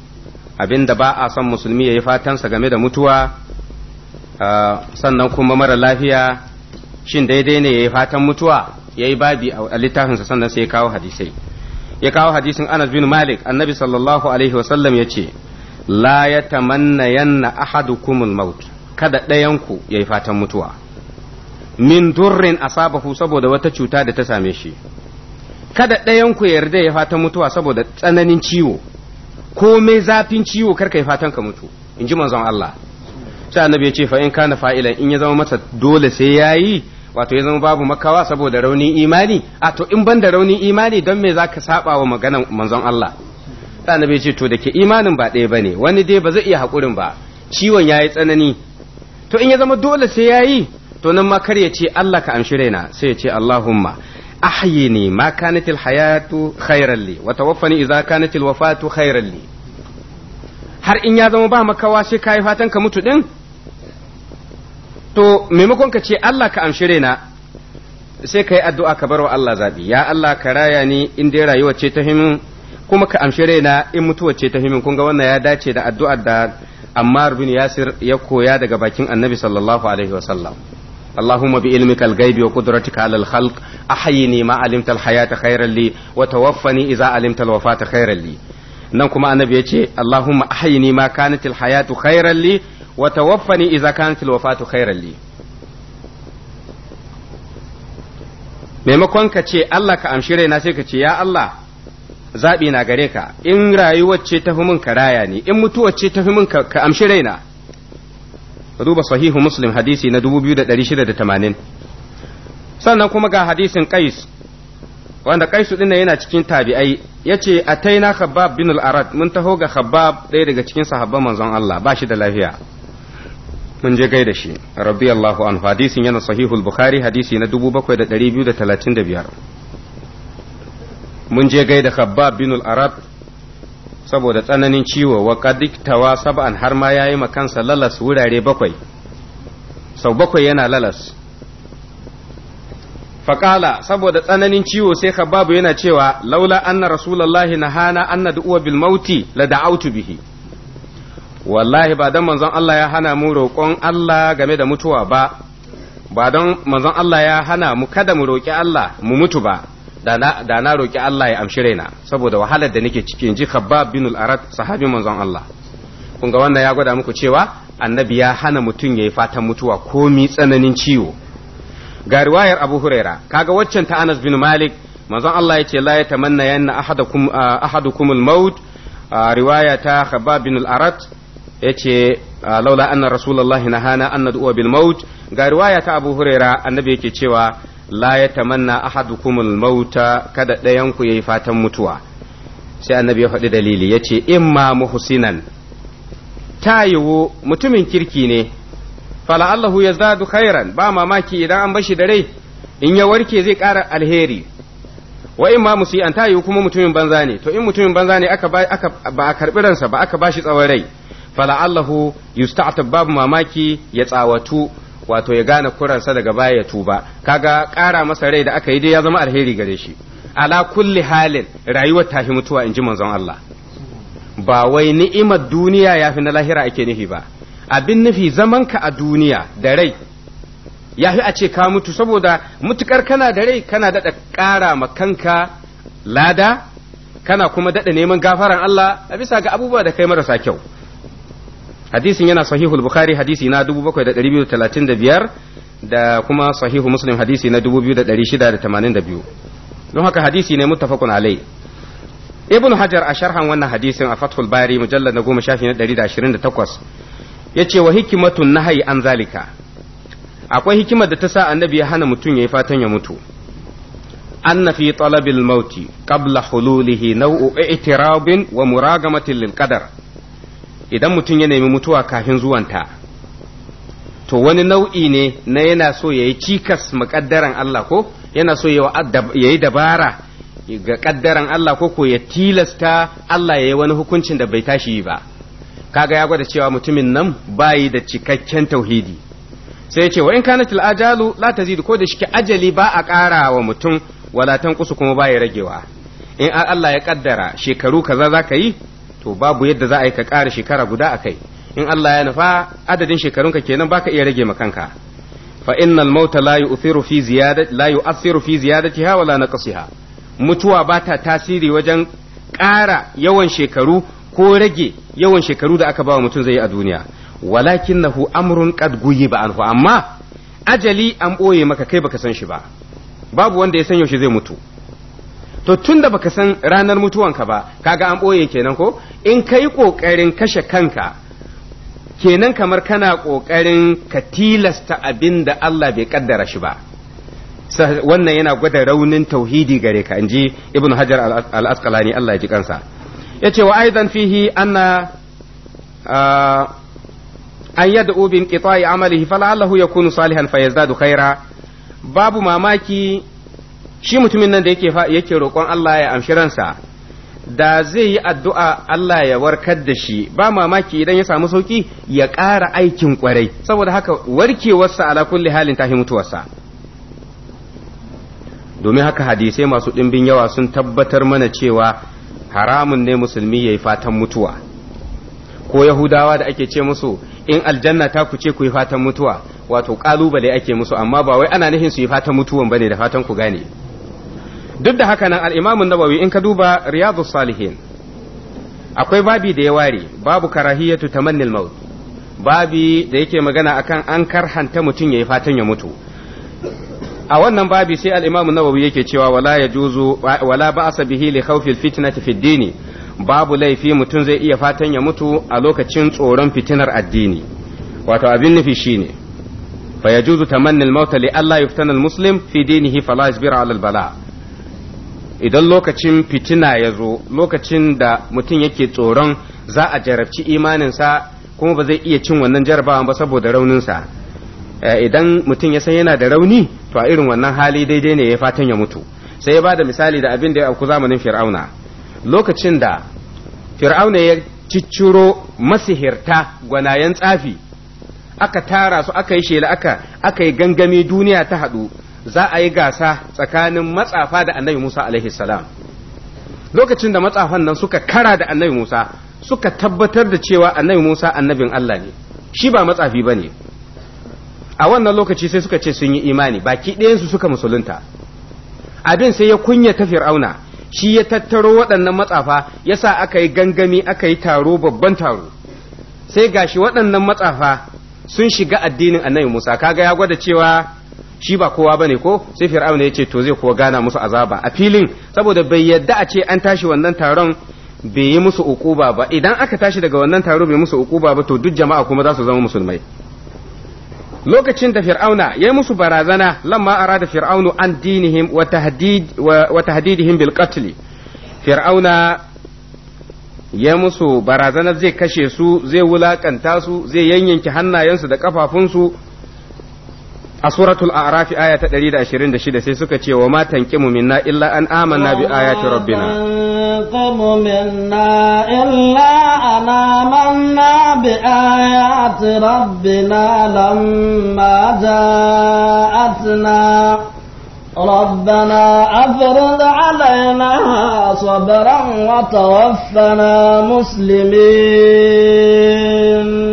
abinda ba a son musulmi ya yayi fatansa game da mutuwa Ah, sannan kuma mara lafiya shin daidai ne ya yi fatan mutuwa ya yi babi a littafinsa sannan sai ya kawo hadisai ya kawo hadisin anas bin malik annabi sallallahu alaihi wasallam ya ce la ya tamanna yanna ahadukumul maut kada ɗayanku ya yi fatan mutuwa min durrin asabahu saboda wata cuta da ta same shi kada ɗayanku ya yarda ya fatan mutuwa saboda tsananin ciwo ko mai zafin ciwo karka yi fatan ka mutu in ji manzon Allah sai annabi ya ce fa in kana fa'ilan in ya zama masa dole sai yayi wato ya zama babu makawa saboda raunin imani a to in ban da raunin imani don me za ka saba wa maganan manzon Allah sai annabi ya ce to dake imanin ba ɗaya bane wani dai ba zai iya hakurin ba ciwon yayi tsanani to in ya zama dole sai yayi to nan ma kar ya ce Allah ka amshi raina sai ya ce Allahumma ahyini ma kanatil hayatu khairan li wa tawaffani idza kanatil wafatu khairan li har in ya zama ba makawa sai kai fatan ka mutu din to maimakon ka ce Allah ka amshi raina sai ka yi addu'a ka bar wa Allah zaɓi ya Allah ka raya ni in dai rayuwa ce ta himin kuma ka amshi raina in mutuwa ce ta himin kun ga wannan ya dace da addu'a da Ammar bin Yasir ya koya daga bakin Annabi sallallahu alaihi wa sallam اللهم بعلمك الغيب وقدرتك على الخلق أحيني ما علمت الحياة خيرا لي وتوفني إذا علمت الوفاة خيرا لي nan kuma annabi yace ce Allahumma ahyini ma kanat hayatu Wata waffani idza kan alwafatu khairan maimakon ka ce Allah ka amshi raina sai ka ce ya Allah zaɓi na gare ka in rayuwar ce tafi min ka raya ni in mutuwar ce tafi min ka amshi raina duba sahihu muslim hadisi na 2680 sannan kuma ga hadisin qais wanda kaisu dinnan yana cikin tabi'ai yace ataina khabbab bin al-arad mun taho ga khabbab ɗaya daga cikin sahabban manzon Allah ba shi da lafiya mun je gaida shi Allahu anhu hadisin yana sahihul bukhari hadisi na 7235 mun je gaida khabbab bin arab saboda tsananin ciwo wa kadiktawa sab'an har ma yayi makansa lalas wurare bakwai sau bakwai yana lalas faƙala saboda tsananin ciwo sai khabbab yana cewa laula anna na hana anna du'uwa bil mauti la da'autu bihi wallahi ba don manzon Allah ya hana mu roƙon Allah game da mutuwa ba ba don manzon Allah ya hana mu kada mu roƙi Allah mu mutu ba da na roƙi Allah ya amshi raina saboda wahalar da nake cikin ji Khabbab bin al-Arat sahabin manzon Allah kun ga wannan ya gwada muku cewa annabi ya hana mutum yayi fatan mutuwa komi tsananin ciwo ga riwayar Abu Huraira kaga waccan ta Anas bin Malik manzon Allah ya ce la ya tamanna yanna ahadukum ahadukum al-maut riwaya ta Khabbab bin al-Arat yace ah, laula anna rasulullahi nahana an nad'u bil maut ga riwaya ta Abu Huraira annabi yake cewa la yatamanna al mauta kada dayan ku yayi fatan mutuwa sai annabi ya faɗi dalili yace imma muhsinan tayiwo mutumin kirki ne fala Allahu yazadu khairan ba mamaki idan an bashi da rai in ya warke zai kara alheri wa in ma musi'an tayiwo kuma mutumin banza ne to in mutumin banza ne aka ba a karɓi ransa ba aka bashi tsawon rai fala'allahu yusta'tab babu mamaki ya tsawatu wato ya gane kuransa daga baya ya tuba kaga kara masa rai da aka yi dai ya zama alheri gare shi ala kulli halin rayuwar tafi mutuwa in ji manzon Allah ba wai ni'imar duniya ya fi na lahira ake nufi ba abin nufi zamanka a duniya da rai ya fi a ce ka mutu saboda mutukar kana da rai kana daɗa ƙara ma kanka lada kana kuma daɗa neman gafaran Allah a bisa ga abubuwa da kai marasa kyau hadisin yana sahihul bukhari hadisi na 7235 da kuma sahihu muslim hadisi na 2682 don haka hadisi ne muttafaqun alai ibnu hajar a sharhan wannan hadisin a fathul bari mujallad na goma shafi na 128 yace wa hikimatun nahyi an zalika akwai hikimar da ta sa annabi ya hana mutum yayi fatan ya mutu fi أن في طلب الموت قبل حلوله نوع اعتراب ومراغمة للقدر idan mutum ya nemi mutuwa kafin zuwanta to wani nau'i ne na yana so ya yi cikas makaddaran Allah ko yana so ya yi dabara ga kaddaran Allah ko ko ya tilasta Allah ya yi wani hukuncin da bai tashi yi ba kaga ya gwada cewa mutumin nan bayi da cikakken tauhidi sai ce wa in kana til ajalu la tazidu ko da shike ajali ba a ƙara wa mutum wala kusu kuma ba ragewa in Allah ya kaddara shekaru kaza zaka yi to babu yadda za a yi ka ƙara shekara guda a kai in Allah ya nufa adadin shekarunka kenan baka iya rage kanka fa innal mauta la yu'thiru fi ziyada la yu'athiru fi ziyadatiha wala naqsiha mutuwa ba ta tasiri wajen ƙara yawan shekaru ko rage yawan shekaru da aka bawa mutum zai yi a duniya walakinahu amrun qad guyiba anhu amma ajali an boye maka kai baka san shi ba babu wanda ya san yaushe zai mutu to tun da baka san ranar mutuwanka ba kaga an ɓoye kenan ko in kai ƙoƙarin kashe kanka kenan kamar kana ƙoƙarin ka tilasta abin da Allah bai kaddara shi ba wannan yana gwada raunin tauhidi gare ka inji ibnu hajar al-asqalani Allah ya ji kansa yace wa aidan fihi anna an yad'u bin qita'i amalihi ya yakunu salihan fayazdadu khaira babu mamaki shi mutumin nan da yake yake roƙon Allah ya amshi ransa da zai yi addu'a Allah ya warkar da shi ba mamaki idan ya samu sauki ya ƙara aikin kwarai saboda haka warkewarsa ala kulli halin tahi mutuwarsa domin haka hadisai masu ɗimbin yawa sun tabbatar mana cewa haramun ne musulmi ya yi fatan mutuwa ko yahudawa da ake ce musu in aljanna ta ku ce ku yi fatan mutuwa wato ƙalubale ake musu amma ba wai ana nufin su yi fatan mutuwan bane da fatan ku gane duk da haka nan al nabawi in ka duba riyadus salihin akwai babi da ya ware babu karahiyatu tamannil maut babi da yake magana akan an karhanta mutum yayi fatan ya mutu a wannan babi sai al'imamin nabawi yake cewa wala yajuzu wala ba'sa bihi li khawfil fitnati fid dini babu laifi mutum zai iya fatan ya mutu a lokacin tsoron fitinar addini wato abin nufi shine fa yajuzu tamannil mauta li alla yuftana al-muslim fi dinihi fala yasbira ala al-bala' idan lokacin fitina ya zo lokacin da mutum yake tsoron za a jarabci imaninsa kuma ba zai iya cin wannan jarabawan ba saboda rauninsa eh, idan mutum ya san yana da rauni to a irin wannan hali daidai ne ya fatan ya mutu sai ya ba da misali da abin da ya auku zamanin fir'auna lokacin da fir'auna ya cicciro masihirta gwanayen tsafi aka tara su aka yi shela aka aka yi gangami duniya ta haɗu za a yi gasa tsakanin matsafa da annabi Musa alaihi salam lokacin da matsafan nan suka kara da annabi Musa suka tabbatar da cewa annabi Musa annabin Allah ne shi ba matsafi ba ne a wannan lokaci sai suka ce sun yi imani baki ɗayansu suka musulunta abin sai ya kunya kunyata fir'auna shi ya tattaro waɗannan matsafa ya sa aka yi gangami aka yi taro babban taro sai gashi waɗannan matsafa sun shiga addinin annabi Musa kaga ya gwada cewa shi ba kowa bane ko sai fir'auna ya ce to zai kowa gana musu azaba a filin saboda bai yadda a ce an tashi wannan taron bai yi musu ukuba ba idan aka tashi daga wannan taro bai musu ukuba ba to duk jama'a kuma za su zama musulmai lokacin da fir'auna ya yi musu barazana lamma arada fir'aunu an dinihim wa tahdidihim bil qatl fir'auna ya musu barazana zai kashe su zai wulakanta su zai yanyanke hannayensu da kafafunsu a suratul a'raf aya ta 126 sai suka ce wa ma tanqimu minna illa an amanna bi ayati rabbina tanqimu minna illa an amanna bi ayati rabbina lamma ja'atna ربنا أفرض علينا صبرا وتوفنا مسلمين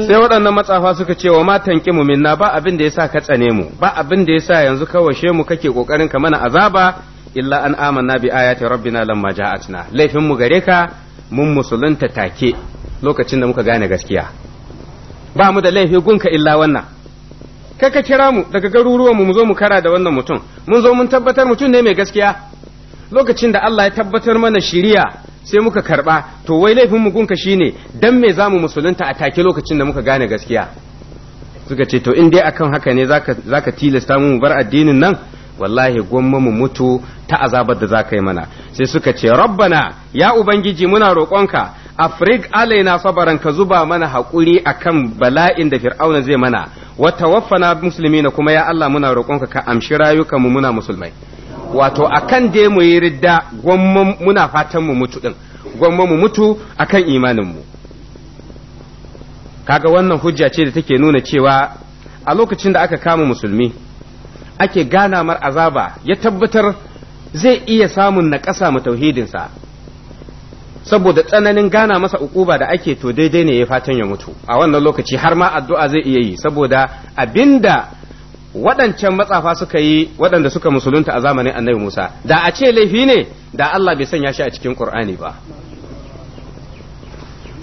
sai waɗannan matsafa suka ce wa matan ƙimu minna ba abin da yasa ka tsane mu ba abin da yasa yanzu kawashe mu kake ƙoƙarin ka mana azaba illa an amanna bi ayati rabbina lamma ja'atna laifin mu gare ka mun musulunta take lokacin da muka gane gaskiya ba mu da laifin gunka illa wannan kai ka kira mu daga garuruwan mu mu zo mu kara da wannan mutum mun zo mun tabbatar mutum ne mai gaskiya lokacin da Allah ya tabbatar mana shiriya sai muka karba to wai laifin mu gunka shine dan me zamu musulunta a take lokacin da muka gane gaskiya suka ce to in dai akan haka ne zaka zaka tilasta mu bar addinin nan wallahi gwamma mu mutu ta azabar da za ka yi mana sai suka ce rabbana ya ubangiji muna roƙonka afrik alaina sabaran ka zuba mana haƙuri akan bala'in da fir'auna zai mana wa tawaffana muslimina kuma ya Allah muna roƙonka ka amshi rayukan mu muna musulmai wato akan de mu yi ridda gwamman muna fatan mu mutu din gwamman mu mutu akan imanin mu kaga wannan hujja ce da take nuna cewa a lokacin da aka kama musulmi ake gana mar azaba ya tabbatar zai iya samun na ƙasa mu tauhidinsa saboda tsananin gana masa ukuba da ake to daidai ne ya fatan ya mutu a wannan lokaci har ma addu'a zai iya yi saboda abinda waɗancan matsafa suka yi waɗanda suka musulunta a zamanin annabi Musa da a ce laifi ne da Allah bai sanya shi a cikin Qur'ani ba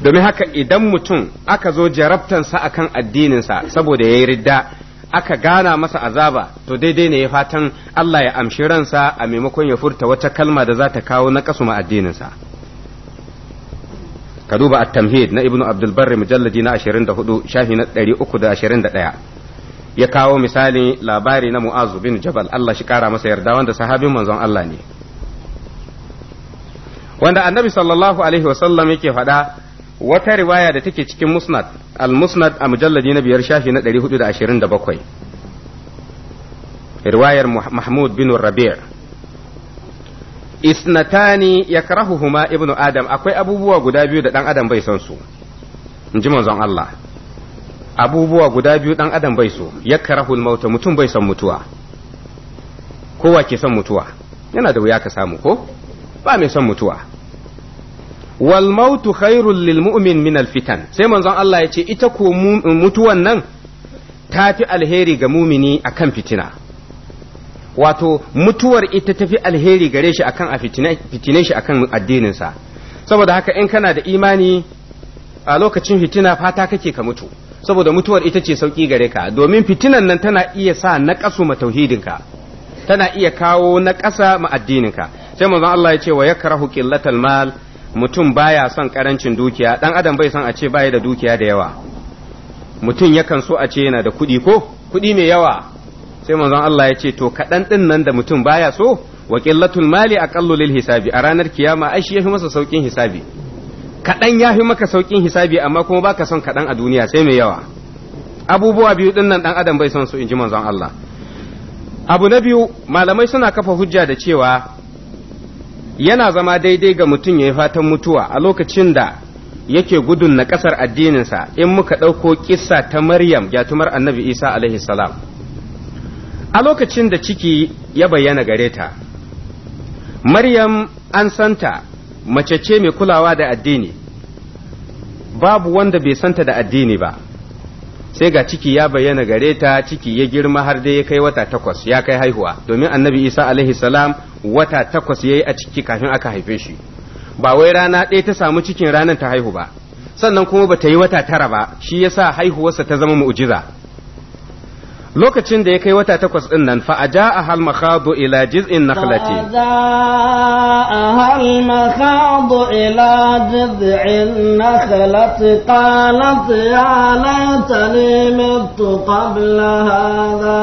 domin haka idan mutum aka zo jarabtansa akan addininsa saboda ya yi ridda aka gana masa azaba to daidai ne ya fatan Allah ya amshi ransa a maimakon ya furta wata kalma da za ta kawo na addinin addininsa. ka duba at-tamhid na ibnu abdul barri mujallaji na 24 shafi na 321 ya kawo misali labari na mu'azu bin jabal Allah shi kara masa yarda wanda sahabin manzon Allah ne wanda annabi sallallahu alaihi wasallam yake faɗa wata riwaya da take cikin musnad al-musnad a mujallaji na biyar shafi na 427 riwayar mahmud bin rabi' isnatani yakrahuhuma ibnu adam akwai abubuwa guda biyu da dan adam bai son su in ji manzon Allah abubuwa guda biyu dan adam bai so yakrahul mauta mutum bai son mutuwa kowa ke son mutuwa yana da wuya ka samu ko ba mai son mutuwa wal mautu khairul lil mu'min min al fitan sai manzon Allah ya ce ita ko mutuwan nan tafi alheri ga mumini akan fitina wato mutuwar ita tafi alheri gare shi akan a fitine shi akan addininsa saboda haka in kana da imani a lokacin fitina fata kake ka mutu saboda mutuwar ita ce sauki gare ka domin fitinan nan tana iya sa na kasu ma tauhidinka tana iya kawo kasa ma addininka sai manzon Allah ya ce wa yakrahu qillatal mal mutum baya son karancin dukiya dan adam bai son a ce baya da dukiya da yawa mutum yakan so a ce yana da kuɗi ko kuɗi mai yawa sai manzon Allah ya ce to kaɗan ɗin nan da mutum baya so wa qillatul mali aqallu lil hisabi a ranar kiyama ai shi yafi masa saukin hisabi kaɗan yafi maka saukin hisabi amma kuma baka son kaɗan a duniya sai mai yawa abubuwa biyu ɗin nan ɗan adam bai son su in ji manzon Allah abu na biyu malamai suna kafa hujja da cewa yana zama daidai ga mutum ya yi fatan mutuwa a lokacin da yake gudun na ƙasar addininsa in muka ɗauko ƙissa ta maryam gyatumar annabi isa alaihi salam a lokacin da ciki ya bayyana gare ta maryam an santa mace ce mai kulawa da addini babu wanda bai santa da addini ba sai ga ciki ya bayyana gare ta ciki ya girma har dai ya kai wata takwas ya kai haihuwa domin annabi isa alaihi salam wata takwas ya yi a ciki kafin aka haife shi ba wai rana ɗaya ta samu cikin ranar ta haihu ba sannan kuma ba ta yi wata tara ba shi yasa haihuwarsa ta zama mu'ujiza. lokacin da ya kai wata takwas ɗin nan fa aja a hal makhadu ila jiz'in nakhlati aja a hal makhadu ila jiz'in nakhlati qalat ya laitani mittu qabla hadha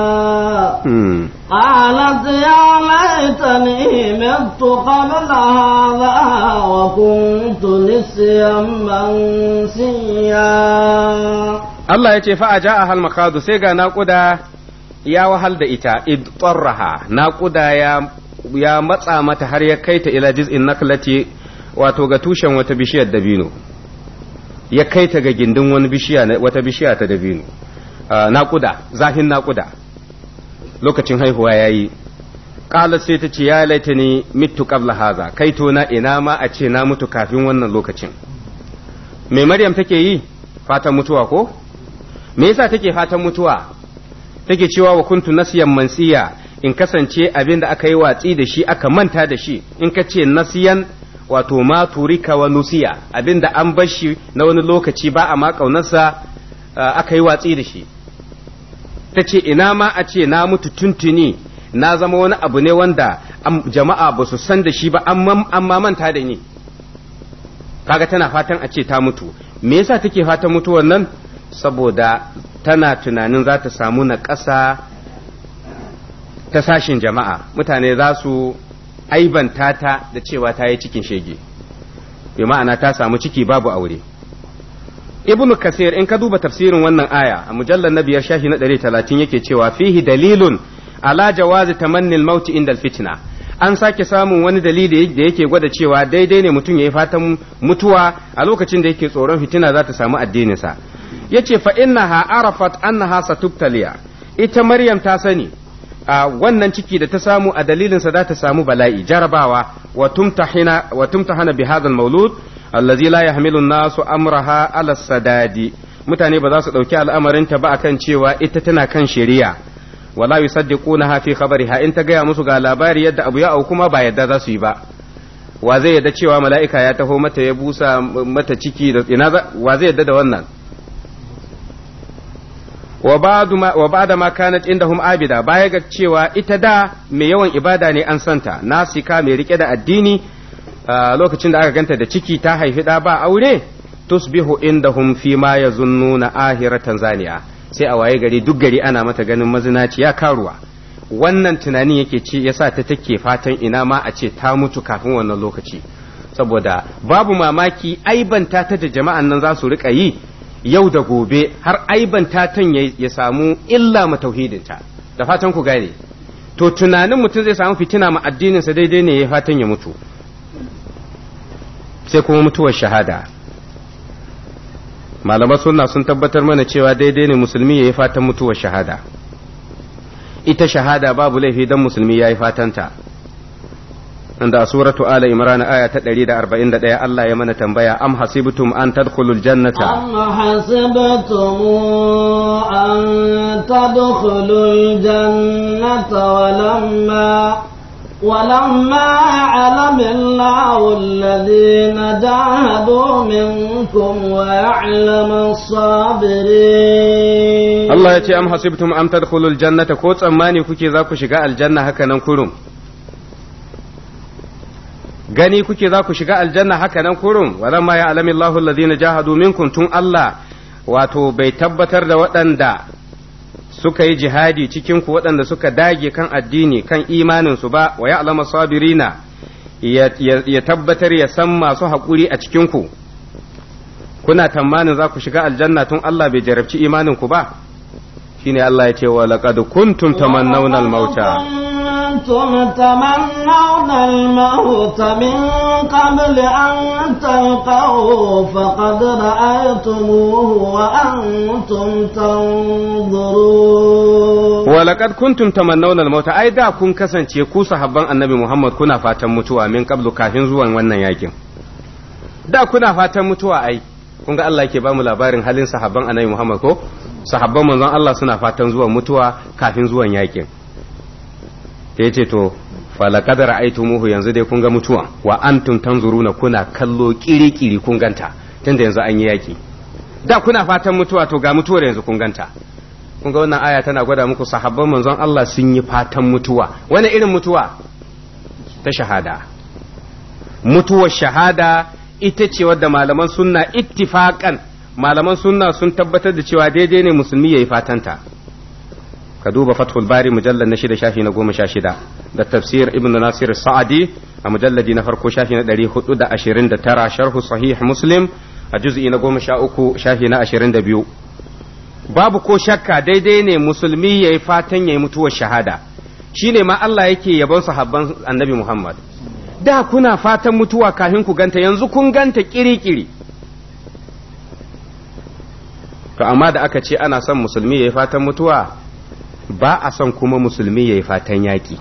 قالت يا ليتني مت قبل هذا وكنت نسيا منسيا Allah ya ce fa a hal sai ga naƙuda ya wahal da ita idtarraha naƙuda ya matsa mata har ya kai ta ila jiz'in naklati wato ga tushen wata bishiyar dabino ya kai ta ga gindin wani bishiya wata bishiya ta dabino ah, naƙuda zafin naƙuda lokacin haihuwa yayi qala sai ta ce ya laitani mitu qabla haza kai to na ina ma a ce na mutu kafin wannan lokacin me maryam take yi fatan mutuwa ko me yasa take fatan mutuwa take cewa wa kuntu nasiyan mansiya in kasance abin da aka yi watsi da shi aka manta da shi in ka ce nasiyan wato ma turika wa nusiya abin da an bar shi na wani lokaci ba a ma kaunarsa aka yi watsi da shi ta ce ina ma a ce na mutu tuntuni na zama wani abu ne wanda jama'a ba su san da shi ba amma manta da ni kaga tana fatan a ce ta mutu me yasa take fatan mutuwar nan saboda tana tunanin za ta samu na ƙasa ta sashin jama'a mutane za su aibanta ta da cewa ta yi cikin shege bi ma'ana ta samu ciki babu aure ibnu kasir in ka duba tafsirin wannan aya a mujallar na biyar shahi na ɗari talatin yake cewa fihi dalilun ala jawazi tamannil mauti inda fitna an sake samun wani dalili da yake gwada cewa daidai ne mutum ya yi fatan mutuwa a lokacin da yake tsoron fitina za ta samu addininsa yace fa innaha arafat annaha satubtaliya ita maryam ta sani a wannan ciki da ta samu a dalilinsa za ta samu bala'i jarabawa wa tumtahina hana tumtahana bi allazi la nasu amraha ala sadadi mutane ba za su dauki al'amarinta ba akan cewa ita tana kan shari'a wala hafi fi ha in ta gaya musu ga labari yadda abu ya au kuma ba yadda za su yi ba wa zai yadda cewa mala'ika ya taho mata ya busa mata ciki da ina wa zai yadda da wannan wa ba da na inda hum abida baya ga cewa ita da mai yawan ibada ne an santa nasika mai rike da addini lokacin da aka ganta da ciki ta haifi da ba aure tusbihu hum fi ma na ahira tanzania sai a waye gari duk gari ana mata ganin mazinaci ya karuwa wannan tunanin yake ci yasa ta take fatan ina ma a ce ta mutu kafin wannan lokaci saboda babu mamaki aibanta ta da jama'an nan za su rika yi yau da gobe har aibanta tan ya samu illa ma tauhidinta da fatan ku gane to tunanin mutum zai samu fitina ma addininsa daidai ne ya fatan ya mutu sai kuma mutuwar shahada malaman sunna sun tabbatar mana cewa daidai ne musulmi ya yi fatan mutuwar shahada ita shahada babu laifi dan musulmi ya yi fatanta da suratu ala imran aya ta ɗaya, Allah ya mana tambaya am hasibtum an tadkhulul jannata am hasibtum an tadkhulul jannata walamma ولما يعلم الله الذين جاهدوا منكم ويعلم الصابرين الله يتي أم حسبتم أم تدخلوا الجنة كوت أماني كوكي ذاكو شقاء الجنة هكا ننكرم gani kuke za ku shiga aljanna haka nan kurun walan ma ya'lamu Allahu alladhina jahadu minkum tun Allah wato bai tabbatar da waɗanda suka yi jihadi cikin ku waɗanda suka dage kan addini kan imanin su ba wa ya'lamu sabirina ya tabbatar ya san masu haƙuri a cikin ku kuna tamanin za ku shiga aljanna tun Allah bai jarabci imanin ku ba shine Allah ya ce wa laqad kuntum tamannawna mauta كنتم تمنون الموت من قبل أن تلقوه فقد رأيتموه وأنتم تنظرون ولقد كنتم تمنون الموت أي دا كن كسن تيكو صحبان النبي محمد كنا فاتم متوى من قبل كافين زوان وانا ياكين دا كنا فاتم متوى أي kun ga Allah yake ba mu labarin halin sahabban annabi Muhammad ko sahabban manzon Allah suna fatan zuwan mutuwa kafin zuwan yakin sai ya ce to falaqad muhu yanzu dai kun ga mutuwan wa antum na kuna kallo kiri kun ganta tunda yanzu an yi yaki da kuna fatan mutuwa to ga mutuwar yanzu kunganta ganta wannan aya tana gwada muku sahabban manzon Allah sun yi fatan mutuwa wani irin mutuwa ta shahada mutuwar shahada ita ce wadda malaman sunna ittifakan malaman sunna sun tabbatar da cewa daidai ne musulmi yayi fatanta ka duba fathul bari mujallad na shida shafi na goma sha shida da tafsir ibn nasir sa'adi a mujalladi na farko shafi na ɗari hudu da ashirin da tara sharhu sahih muslim a juz'i na goma sha uku shafi na ashirin da biyu babu ko shakka daidai ne musulmi ya yi fatan ya yi mutuwar shahada shi ne ma Allah yake yabon sahabban annabi Muhammad da kuna fatan mutuwa kafin ku ganta yanzu kun ganta kirikiri. kiri to amma da aka ce ana son musulmi ya yi fatan mutuwa ba a son kuma musulmi ya yi fatan yaƙi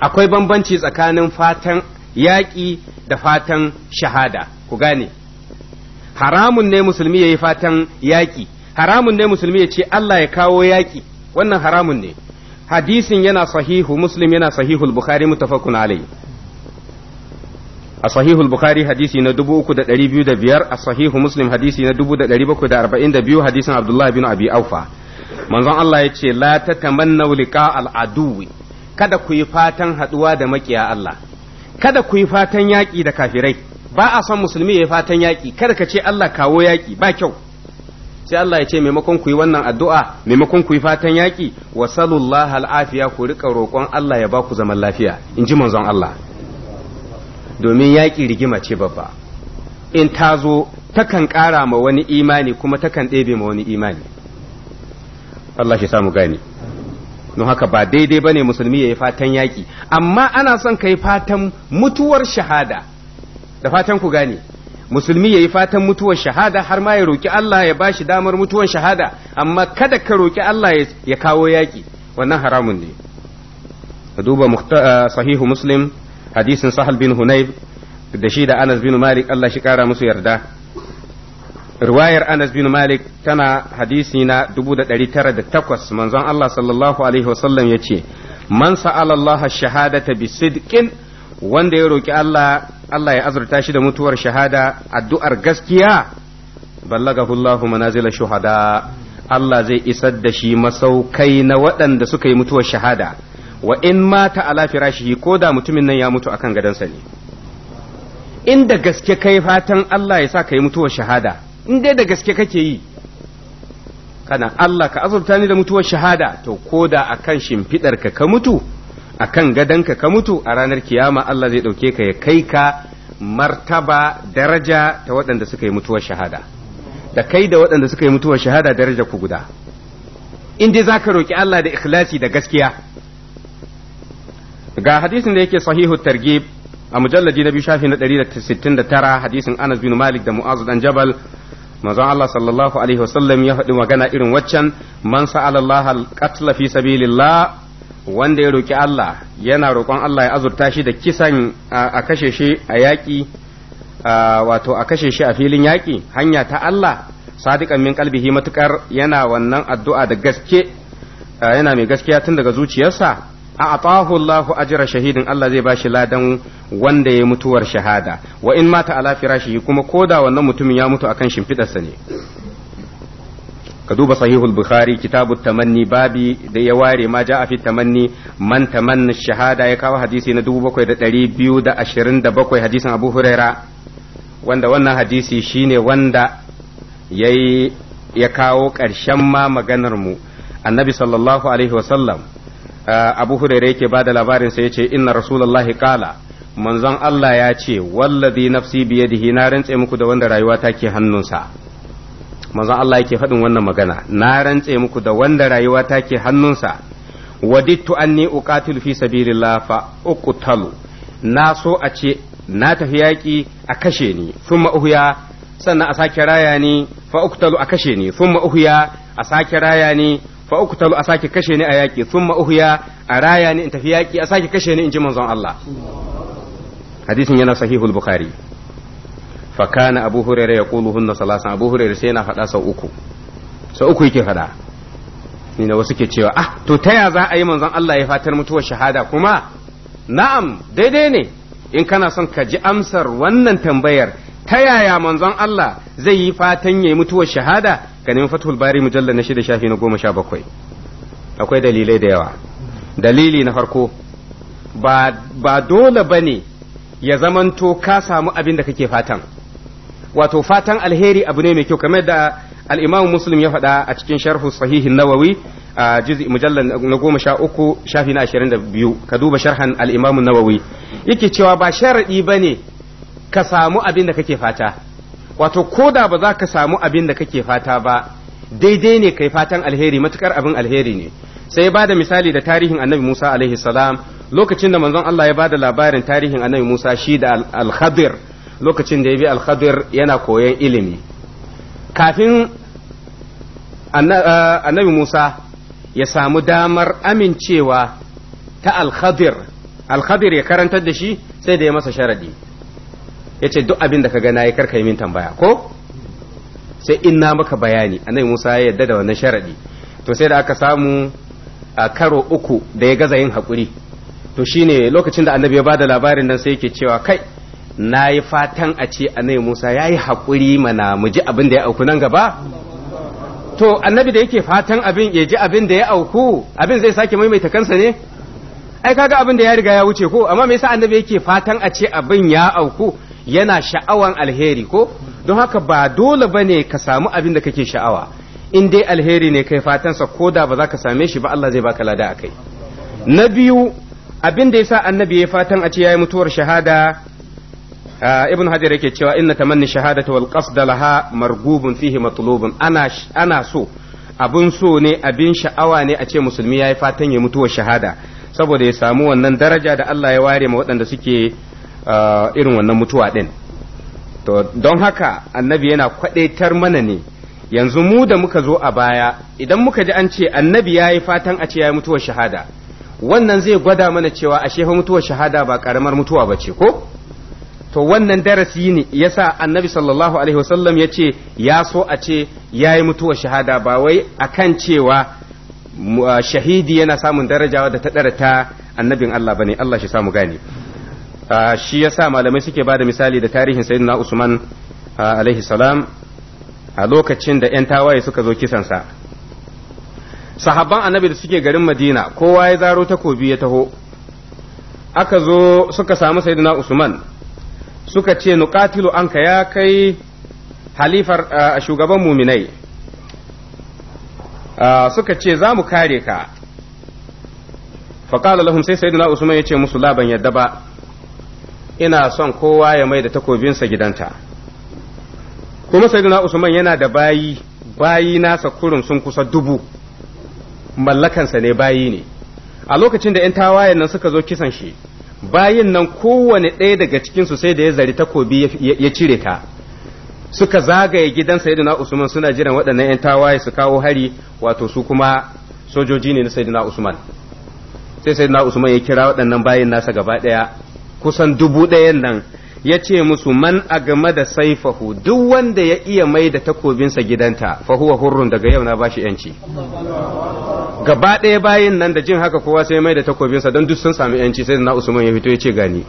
akwai bambanci tsakanin fatan yaƙi da fatan shahada ku gane haramun ne musulmi ya yi fatan yaƙi haramun ne musulmi ya ce Allah ya kawo yaƙi wannan haramun ne hadisin yana sahihu muslim yana sahihul bukhari mutafakun alai a sahihul bukhari hadisi na 3205 a sahihu muslim hadisi na biyu hadisin abdullahi bin abi aufa manzon Allah ya ce la ta tamanna liqa kada ku yi fatan haduwa da makiya Allah kada ku yi fatan yaƙi da kafirai ba a son musulmi ya yi fatan yaki kada ka ce Allah kawo yaƙi ba kyau sai Allah ya ce maimakon ku yi wannan addu'a maimakon ku yi fatan yaƙi wa sallallahu al'afiya ku rika roƙon Allah ya ba ku zaman lafiya in ji manzon Allah domin yaƙi rigima ce babba in ta zo takan ƙara ma wani imani kuma takan ɗebe ma wani imani Allah shi samu gane don haka ba daidai ba ne musulmi ya yi fatan yaƙi amma ana son ka yi fatan mutuwar shahada da fatan ku gane musulmi ya yi fatan mutuwar shahada har ma ya roƙi Allah ya ba shi damar mutuwar shahada amma kada ka roƙi Allah ya kawo yaƙi wannan haramun ne ka duba ah, sahihu muslim hadisin sahal bin hunayb da shi da anas bin malik Allah shi kara musu yarda riwayar Anas bin Malik tana hadisi na takwas manzon Allah sallallahu alaihi wasallam ya ce man sa'ala shahada ta bi sidqin wanda ya roki Allah Allah ya azurta shi da mutuwar shahada addu'ar gaskiya ballagahu Allahu manazila shuhada Allah zai isar da shi masaukai na waɗanda suka yi mutuwar shahada wa in mata ala firashihi ko da mutumin nan ya mutu akan gadansa ne inda gaske kai fatan Allah ya sa ka yi mutuwar shahada in dai da gaske kake yi kana Allah ka azurta ni da mutuwar shahada to ko da akan shimfidar ka ka mutu akan gadonka ka ka mutu a ranar kiyama Allah zai ɗauke ka ya kai ka martaba daraja ta waɗanda suka yi mutuwar shahada da kai da waɗanda suka yi mutuwar shahada daraja ku guda in dai zaka roki Allah da ikhlasi da gaskiya ga hadisin da yake sahihu targhib a mujalladi na biyu shafi na 169 hadisin Anas bin Malik da Mu'az dan Jabal manzon Allah sallallahu alaihi wasallam ya faɗi magana irin waccan man sa'ala Allah al fi sabilillah wanda ya roki Allah yana roƙon Allah ya azurta shi da kisan a kashe shi a yaƙi wato a kashe shi a filin yaƙi hanya ta Allah sadiqan min qalbihi matukar yana wannan addu'a da gaske yana mai gaskiya tun daga zuciyarsa a atahu Allah ajra shahidin Allah zai bashi ladan wanda ya mutuwar shahada wa in mata ala firashi kuma koda wannan mutumin ya mutu akan shimfidarsa ne ka duba sahihul bukhari kitabu tamanni babi da ya ware ma ja fi tamanni man tamanna shahada ya kawo hadisi na 7227 hadisin abu huraira wanda wannan hadisi shine wanda yayi ya kawo karshen ma maganar mu annabi sallallahu alaihi wasallam Eh, abu hurairu yake bada da labarin sa yace inna rasulullahi kala manzon Allah ya ce wallazi nafsi yadihi na rantse muku da wanda rayuwa take hannunsa manzon Allah yake faɗin wannan magana na rantse muku da wanda rayuwa take hannunsa wadittu anni uqatilu fi sabilillah fa uqtalu na so a ce na tafi yaƙi a kashe ni thumma uhya sannan a sake raya ni fa uqtalu a kashe ni thumma uhya a sake raya ni fa uku talu a sake kashe ni a yaƙi sun ma'uhiya a raya ni in tafi yaƙi a sake kashe ni in ji manzon Allah hadisin yana sahihul bukhari fa kana abu hurairah yaqulu hunna salasan abu hurairah sai yana faɗa sau uku sau uku yake faɗa ni wasu ke cewa ah to ta ya za a yi manzon Allah ya fatar mutuwar shahada kuma na'am daidai ne in kana son ka ji amsar wannan tambayar ta yaya manzon Allah zai yi fatan yayi mutuwar shahada ganin fathul bari mujallar na shida shafi na goma sha bakwai akwai dalilai da yawa dalili na farko ba ba dole bane ya zamanto ka samu abin da kake fatan wato fatan alheri abu ne mai kyau kamar da al-Imam Muslim ya faɗa a cikin sharhu sahihi Nawawi a juz'i mujallal na goma sha uku shafi na ashirin da biyu ka duba sharhan al Nawawi yake cewa ba sharadi bane ka samu abin da kake fata wato ko da ba za ka samu abin da kake fata ba daidai ne kai fatan alheri matukar abin alheri ne sai ba da misali da tarihin annabi Musa alaihi salam lokacin da manzon Allah ya ba da labarin tarihin annabi Musa shi da al lokacin da ya bi al yana koyon ilimi kafin annabi Musa ya samu damar amincewa ta al-Khadir ya karantar da shi sai da ya masa sharadi yace duk abin da ka ga nayi karka yi min tambaya ko sai in na maka bayani annabi Musa ya yarda da wannan sharadi to sai da aka samu a karo uku da ya gaza yin hakuri to shine lokacin da annabi ya bada labarin nan sai yake cewa kai na yi fatan a ce annabi Musa ya yi haƙuri mana mu ji abin da ya auku nan gaba to annabi da yake fatan abin ya ji abin da ya auku abin zai sake maimaita kansa ne ai kaga abin da ya riga ya wuce ko amma me yasa annabi yake fatan a ce abin ya auku yana sha'awan alheri ko don haka ba dole ba ne ka samu abin da kake sha'awa in dai alheri ne kai fatansa ko da ba za ka same shi ba Allah zai baka lada a kai na biyu abin da yasa annabi ya fatan a ce yayi mutuwar shahada ibn hajar yake cewa inna tamanni shahadatu wal qasd laha margubun fihi matlubun ana ana so abin so ne abin sha'awa ne a ce musulmi yayi fatan ya mutuwar shahada saboda ya samu wannan daraja da Allah ya ware ma waɗanda suke Uh, irin wannan mutuwa ɗin to don haka annabi yana kwaɗaitar mana ne yanzu mu da muka zo a baya idan muka ji an ce annabi ya yi fatan a ce ya yi mutuwar shahada wannan zai gwada mana cewa a shefa mutuwar shahada ba karamar mutuwa ba ce ko to wannan darasi ne ya sa annabi sallallahu alaihi wasallam ya ce ya so a ce ya yi mutuwar shahada ba wai akan cewa uh, shahidi yana samun darajawa da ta ɗara ta annabin Allah bane Allah shi samu gane shi ya sa malamai suke ba da misali da tarihin sayyidina Usman alaihi a lokacin da ‘yan tawaye suka zo kisansa sahabban annabi da suke garin madina kowa ya zaro takobi ya taho aka zo suka samu sayyidina usman suka ce an anka ya kai halifar a shugaban muminai suka ce za mu kare ka faƙala sai sayyidina usman ya ce musu laban yadda ba ina son kowa ya mai da takobinsa gidanta kuma sayyidina usman yana da bayi bayi nasa kurum sun kusa dubu mallakansa ne bayi ne a lokacin da 'yan tawayen nan suka zo kisan shi bayin nan kowane ɗaya daga cikinsu sai da ya zari takobi ya cire ta suka zagaye gidan sayyidina usman suna jiran waɗannan 'yan tawaye su kawo hari wato su kuma sojoji ne na sayyidina usman sai sayyidina usman ya kira waɗannan bayin nasa gaba ɗaya kusan dubu ɗayan nan ya ce musu man game da saifahu duk wanda ya iya mai da takobinsa gidanta fahuwa hurrun daga yau na bashi yanci gaba ɗaya bayin nan da jin haka kowa sai mai da takobinsa don duk sun sami yanci sai na usman ya fito ya ce gani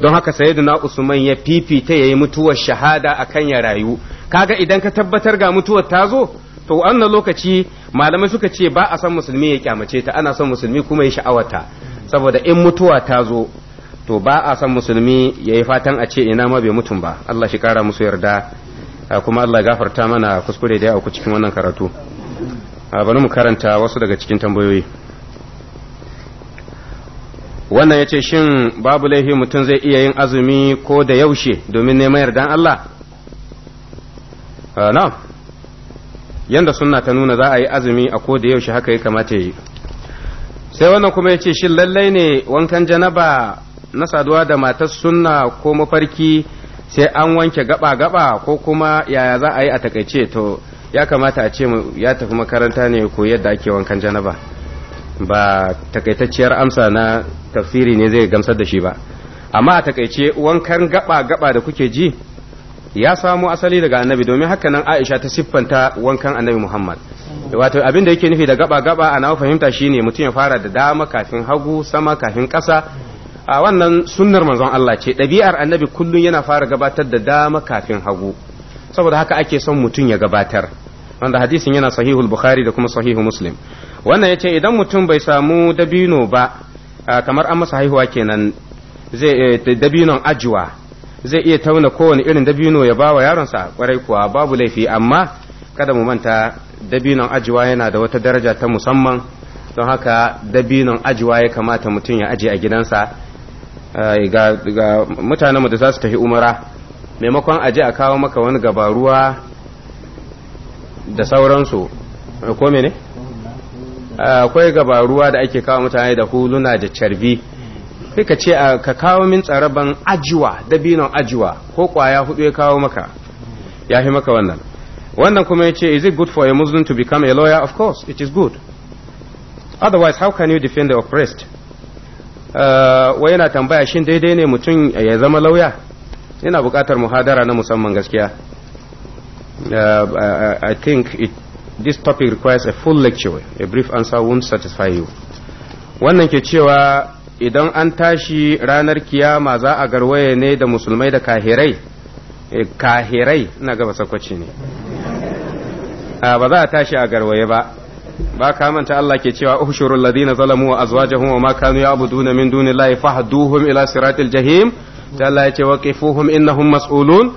don haka sai na usman ya fifita ya yi mutuwar shahada a kan ya rayu kaga idan ka tabbatar ga mutuwar ta zo to wannan lokaci malamai suka ce ba a san musulmi ya kyamace ta ana son musulmi kuma ya sha'awata saboda in mutuwa ta zo to ba a san musulmi ya yi fatan a ce ina ma bai mutum ba Allah shi kara musu yarda kuma Allah gafarta mana kuskure da a auku cikin wannan karatu bari mu karanta wasu daga cikin tambayoyi wannan ya ce shin babu laifi mutum zai iya yin azumi ko da yaushe domin neman yardan Allah yadda yanda sunna ta nuna za a yi azumi a ko da yaushe haka ya kamata yi sai wannan kuma ya ce shin lallai ne wankan janaba na saduwa da matar sunna ko mafarki sai an wanke gaba-gaba ko kuma yaya za a yi a takaice to ya kamata a ce ya tafi makaranta ne ko yadda ake wankan janaba ba takaitacciyar amsa na tafsiri ne zai gamsar da shi ba amma a takaice wankan gaba-gaba da kuke ji ya samo asali daga annabi domin haka nan aisha ta siffanta wankan annabi muhammad wato abin da yake nufi da gaba-gaba a fahimta shine mutum ya fara da dama kafin hagu sama kafin ƙasa a wannan sunnar manzon Allah ce ɗabi'ar annabi kullum yana fara gabatar da dama kafin hagu saboda haka ake son mutum ya gabatar wanda hadisin yana sahihul bukhari da kuma sahihu muslim wannan ya ce idan mutum bai samu dabino ba kamar an masa haihuwa kenan zai eh, dabinon ajiwa zai iya tauna kowane irin dabino ya bawa yaronsa kwarai kuwa babu laifi amma kada mu manta dabinon ajiwa yana da wata daraja ta musamman don haka dabinon ajiwa ya kamata mutum ya ajiye a gidansa Eh, ga mutanenmu da za su tafi umara maimakon aje a kawo maka wani gabaruwa da sauransu eh, ko mene eh, akwai gabaruwa da ake kawo mutane da huluna da carbi sai ka ce ah, ka kawo min tsaraban ajiwa dabinon ajiwa ko kwaya hudu ya kawo maka ya fi maka wannan wannan kuma ya ce is it good for a muslim to become a lawyer of course it is good otherwise how can you defend the oppressed Eh, wai yana tambaya shin daidai ne mutum ya zama lauya yana buƙatar muhadara na musamman gaskiya eh, i think it, this topic requires a full lecture a brief answer won't satisfy you wannan ke cewa idan an tashi ranar kiyama za a garwaye ne da musulmai da kahirai eh, kahirai ina gaba sakwaci ne ah, ba za a tashi a garwaye ba ba ka manta Allah ke cewa ushurul ladina zalamu wa azwajahum wa ma kanu ya'buduna min dunillahi fahduhum ila siratil jahim ta Allah ya ce waqifuhum innahum mas'ulun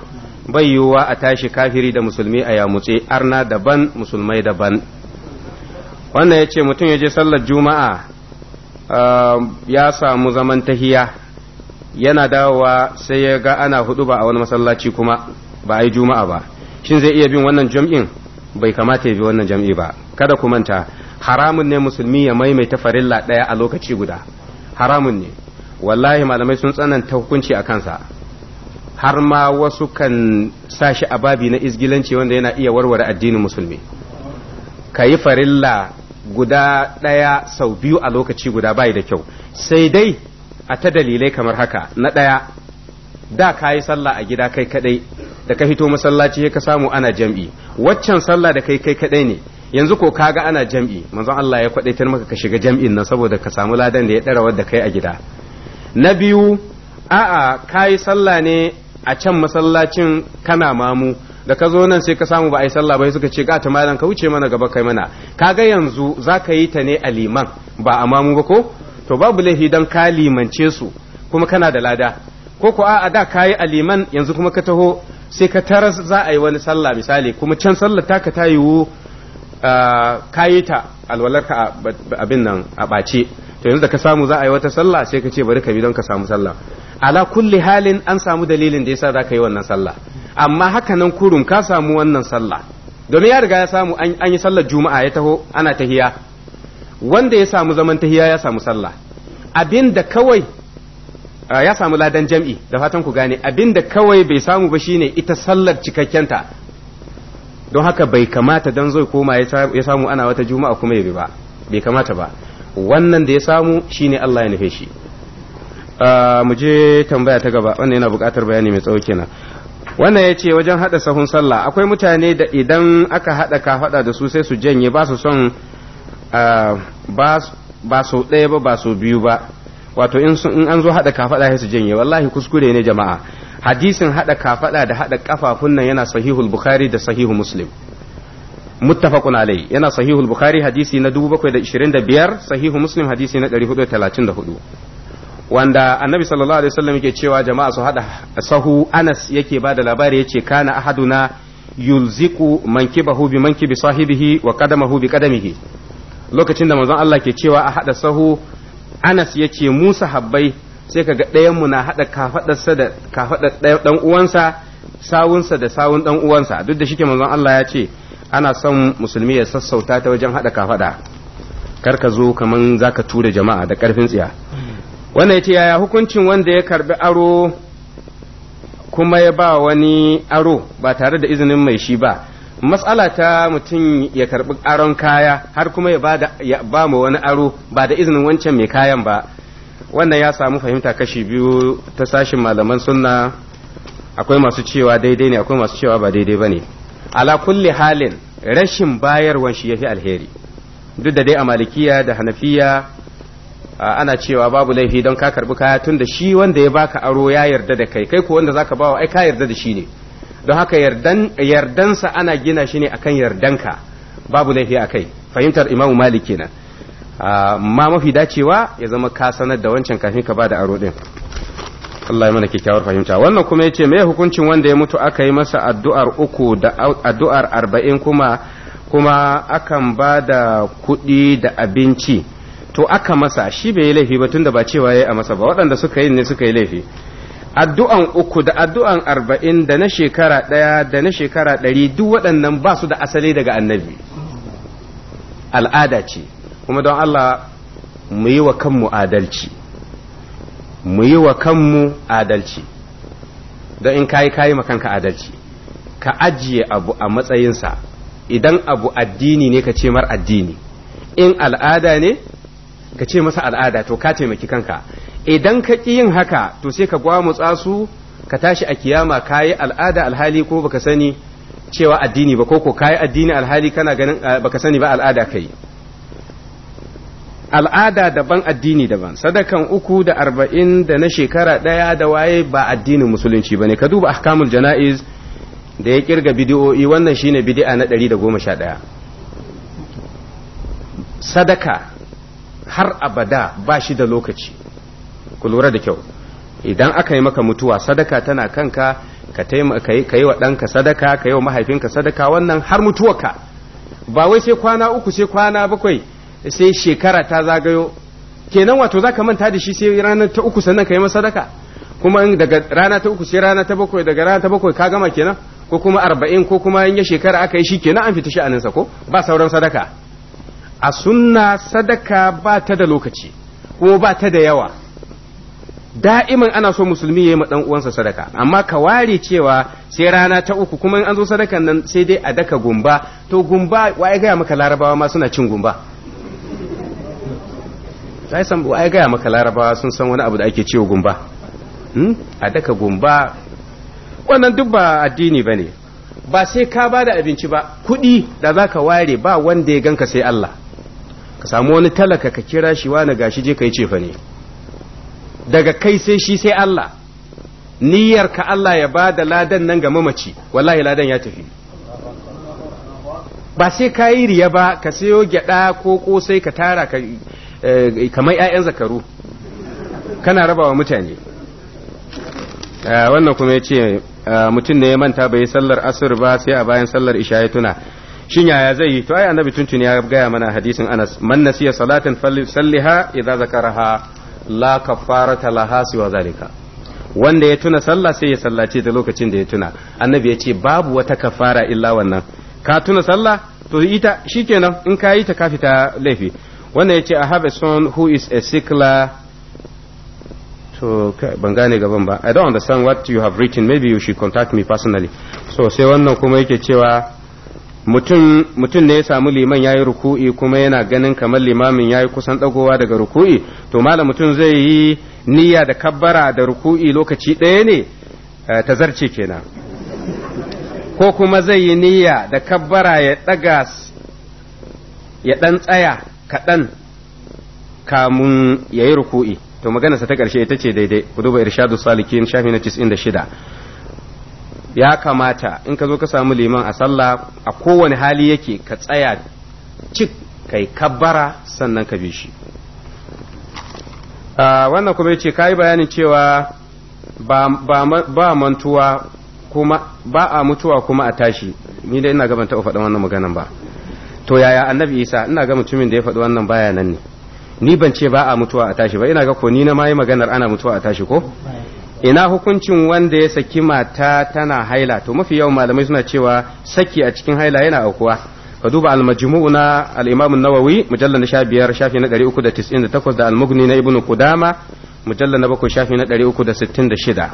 bai yiwuwa a tashi kafiri da musulmi a yamutse arna daban musulmai daban wannan ya ce mutum ya je sallar juma'a um, ya samu zaman tahiya yana dawowa sai ya ga ana hudu ba a wani masallaci kuma ba a yi juma'a ba shin zai iya bin wannan jam'in bai kamata ya bi wannan jam'i ba kada ku manta haramun ne musulmi ya maimaita farilla ɗaya a lokaci guda haramun ne wallahi malamai sun tsananta hukunci a kansa har ma wasu kan sa shi a babi na izgilanci wanda yana iya warware addinin musulmi ka yi farilla guda ɗaya sau biyu a lokaci guda bai da kyau sai dai a ta dalilai kamar haka na ɗaya da ka yi sallah a gida kai kaɗai da ka fito masallaci ka samu ana jam'i waccan sallah da kai kai kadai ne yanzu ko kaga ana jam'i manzon Allah ya kwadaitar maka ka shiga jam'in nan saboda ka samu ladan da ya dara wadda kai a gida na biyu a'a kai sallah ne a can masallacin kana mamu da ka zo nan sai ka samu ba a yi sallah ba suka ce ta malam ka wuce mana gaba kai mana kaga yanzu za ka yi ta ne a liman ba a mamu ba ko to babu laifi dan ka limance su kuma kana da lada ko ko a'a da ka yi a liman yanzu kuma ka taho sai ka tara za a yi wani sallah misali kuma can sallar taka ta yiwu kayi ta alwalar ka abin nan a ɓace to yanzu da ka samu za a yi wata sallah sai ka ce bari ka bi don ka samu sallah ala kulli halin an samu dalilin da yasa za ka yi wannan sallah amma haka nan kurum ka samu wannan sallah domin ya riga ya samu an yi sallar juma'a ya taho ana tahiya wanda ya samu zaman tahiya ya samu sallah abin da kawai Ah, ya samu ladan jam'i da fatan ku gane abinda kawai bai samu ba shine ita sallar cikakkenta don haka bai kamata dan zai koma ya samu ana wata juma'a kuma ya bi ba bai kamata ba wannan da ya samu shine Allah ya nufe shi ah, mu je tambaya ta gaba wannan yana buƙatar bayani mai tsawo kenan wannan ya ce wajen hada sahun sallah akwai mutane da idan aka hada ka hada da su sai su janye ba su son ah, ba su ɗaya ba ba su biyu ba wato in an zo haɗa kafaɗa sai su janye wallahi kuskure ne jama'a hadisin haɗa kafaɗa da haɗa kafafun nan yana sahihul bukhari da sahihu muslim muttafaqun alai yana sahihul bukhari hadisi na 725 sahihu muslim hadisi na 434 wanda annabi sallallahu alaihi wasallam yake cewa jama'a su haɗa sahu anas yake ba da labari yace kana ahaduna yulziku mankibahu bi mankibi sahibihi wa qadamahu bi qadamihi lokacin da manzon Allah ke cewa a haɗa sahu anas ya ce Musa Habbai sai kaga ɗayan mu na haɗa kafaɗarsa da kafaɗar ɗan uwansa sawunsa da sawun ɗan uwansa duk da shike manzon Allah ya ce ana son musulmi ya sassauta ta wajen haɗa kafaɗa kar ka zo kaman zaka tura jama'a da ƙarfin tsiya wannan yace yaya hukuncin wanda ya karbi aro kuma ya ba wani aro ba tare da izinin mai shi ba matsala ta mutum ya karɓi aron kaya har kuma ya ba mu wani aro ba da izinin wancan mai kayan ba wannan ya samu fahimta kashi biyu ta sashin malaman sunna akwai masu cewa daidai ne akwai masu cewa ba daidai ba ne ala kulli halin rashin bayarwan shi fi alheri duk da dai a malikiya da hanafiya ana cewa babu laifi don ka karɓi kaya tun da shi wanda ya baka aro ya yarda da kai kai ko wanda zaka bawa ai ka yarda da shi ne don haka yardan yardansa ana gina shi ne akan yardanka babu laifi a kai fahimtar imamu malik kenan ah, ma mafi dacewa ya zama ka sanar da wancan kafin ka bada aro din Allah ya mana kyakkyawar fahimta wannan kuma yace me hukuncin wanda ya mutu aka yi masa addu'ar uku da addu'ar arba'in kuma kuma akan ba da kuɗi da abinci to aka masa shi bai yi laifi ba tunda ba cewa ya yi a masa ba waɗanda suka yi ne suka yi laifi addu'an uku da addu'an arba'in da na shekara ɗaya da na shekara ɗari duk waɗannan ba su da asali daga annabi al'ada ce kuma don Allah mu yi wa kanmu adalci mu yi wa kanmu adalci don in kayi kayi makanka adalci ka ajiye abu a matsayinsa idan abu addini ne ka ce mar addini in al'ada ne ka ce masa al'ada to ka taimaki kanka idan ka ki yin haka to sai ka gwamutsa su ka tashi a kiyama ka yi al'ada alhali ko baka sani cewa addini ba koko ka yi addini alhali kana ganin eh, baka sani ba al'ada kai al'ada daban addini daban sadakan uku da arba'in da na shekara ɗaya da waye ba addinin musulunci ba ne ka duba ahkamul jana'iz da ya kirga bidiyo'i wannan shine bidi'a na ɗari da goma sha ɗaya sadaka har abada ba shi da lokaci ku lura da kyau idan aka yi maka mutuwa sadaka tana kanka ka yi wa ɗanka sadaka ka yi wa mahaifinka sadaka wannan har mutuwarka ba wai sai kwana uku sai kwana bakwai sai shekara ta zagayo kenan wato za ka manta da shi sai ranar ta uku sannan ka yi masa sadaka kuma daga rana ta uku sai rana ta bakwai daga rana ta bakwai ka gama kenan ko kuma arba'in ko kuma in ya shekara aka yi shi kenan an fita sha'aninsa ko ba sauran sadaka a sunna sadaka ba ta da lokaci ko ba ta da yawa da'iman ana so musulmi ya yi ma dan uwansa sadaka amma ka ware cewa sai rana ta uku kuma in an zo sadakan nan sai dai a daka gumba to gumba waye gaya maka larabawa ma suna cin gumba sai san waye gaya maka larabawa sun san wani abu da ake cewa gumba hmm? a daka gumba wannan duk ba addini ne. ba sai ka ba da abinci ba kuɗi da za ka ware ba wanda ya ganka sai Allah ka samu wani talaka ka kira shi wani gashi je ka yi cefa ne daga kai sai shi sai Allah ka Allah ya ba da ladan nan ga mamaci wallahi ladan ya tafi ba sai ka yi riya ba ka sayo gyada ko kosai ka tara kamar eh, 'ya'yan zakaru kana raba wa mutane eh, wannan kuma ya ce eh, mutum ne ya manta bai sallar asir ba sai a bayan sallar isha ya tuna shin yaya zai yi to ai annabi tuntuni ya gaya mana hadisin Anas man nasiya salatan falli salliha idza zakaraha la kafarata laha siwa zalika wanda ya tuna sallah sai ya sallace ta lokacin da ya tuna annabi ya ce babu wata kafara illa wannan ka tuna sallah to ita shikenan in ka yi ta ka fita laifi Wanda ya ce i have a son who is a sickler to ban gane gaban ba i don't understand what you have written maybe you should contact me personally so sai wannan kuma yake cewa mutum mutum ne ya samu liman yayi ruku'i kuma yana ganin kamar limamin yayi kusan dagowa daga ruku'i to malam mutum zai yi niyya da kabbara da ruku'i lokaci ɗaya ne eh, ta zarce kenan ko kuma zai yi niyya da kabbara ya ɗaga ya ɗan tsaya kaɗan kamun ya yi ruku'i to maganarsa ta ƙarshe ita ce daidai ku duba irshadu salikin shafi na 96 ya kamata in ka zo ka samu liman a sallah a kowane hali yake ka tsaya cik kai kabbara sannan ka bi shi ah, wannan kuma yace kai bayanin cewa ba mantuwa kuma ba a mutuwa kuma a tashi ni dai ina gaban taɓa faɗin wannan maganan ba to yaya annabi isa ina ga mutumin da ya faɗi wannan baya nan ne ni ban ce ba a mutuwa a tashi ba ina ga ko ni na ma yi maganar ana mutuwa a tashi ko ina hukuncin wanda ya saki mata tana haila to mafi yawan malamai suna cewa saki a cikin haila yana aukuwa ka duba al-majmu' na al-imam an-nawawi mujallal na 15 shafi na 398 da al-mughni na ibnu qudama mujallal na 7 shafi na 366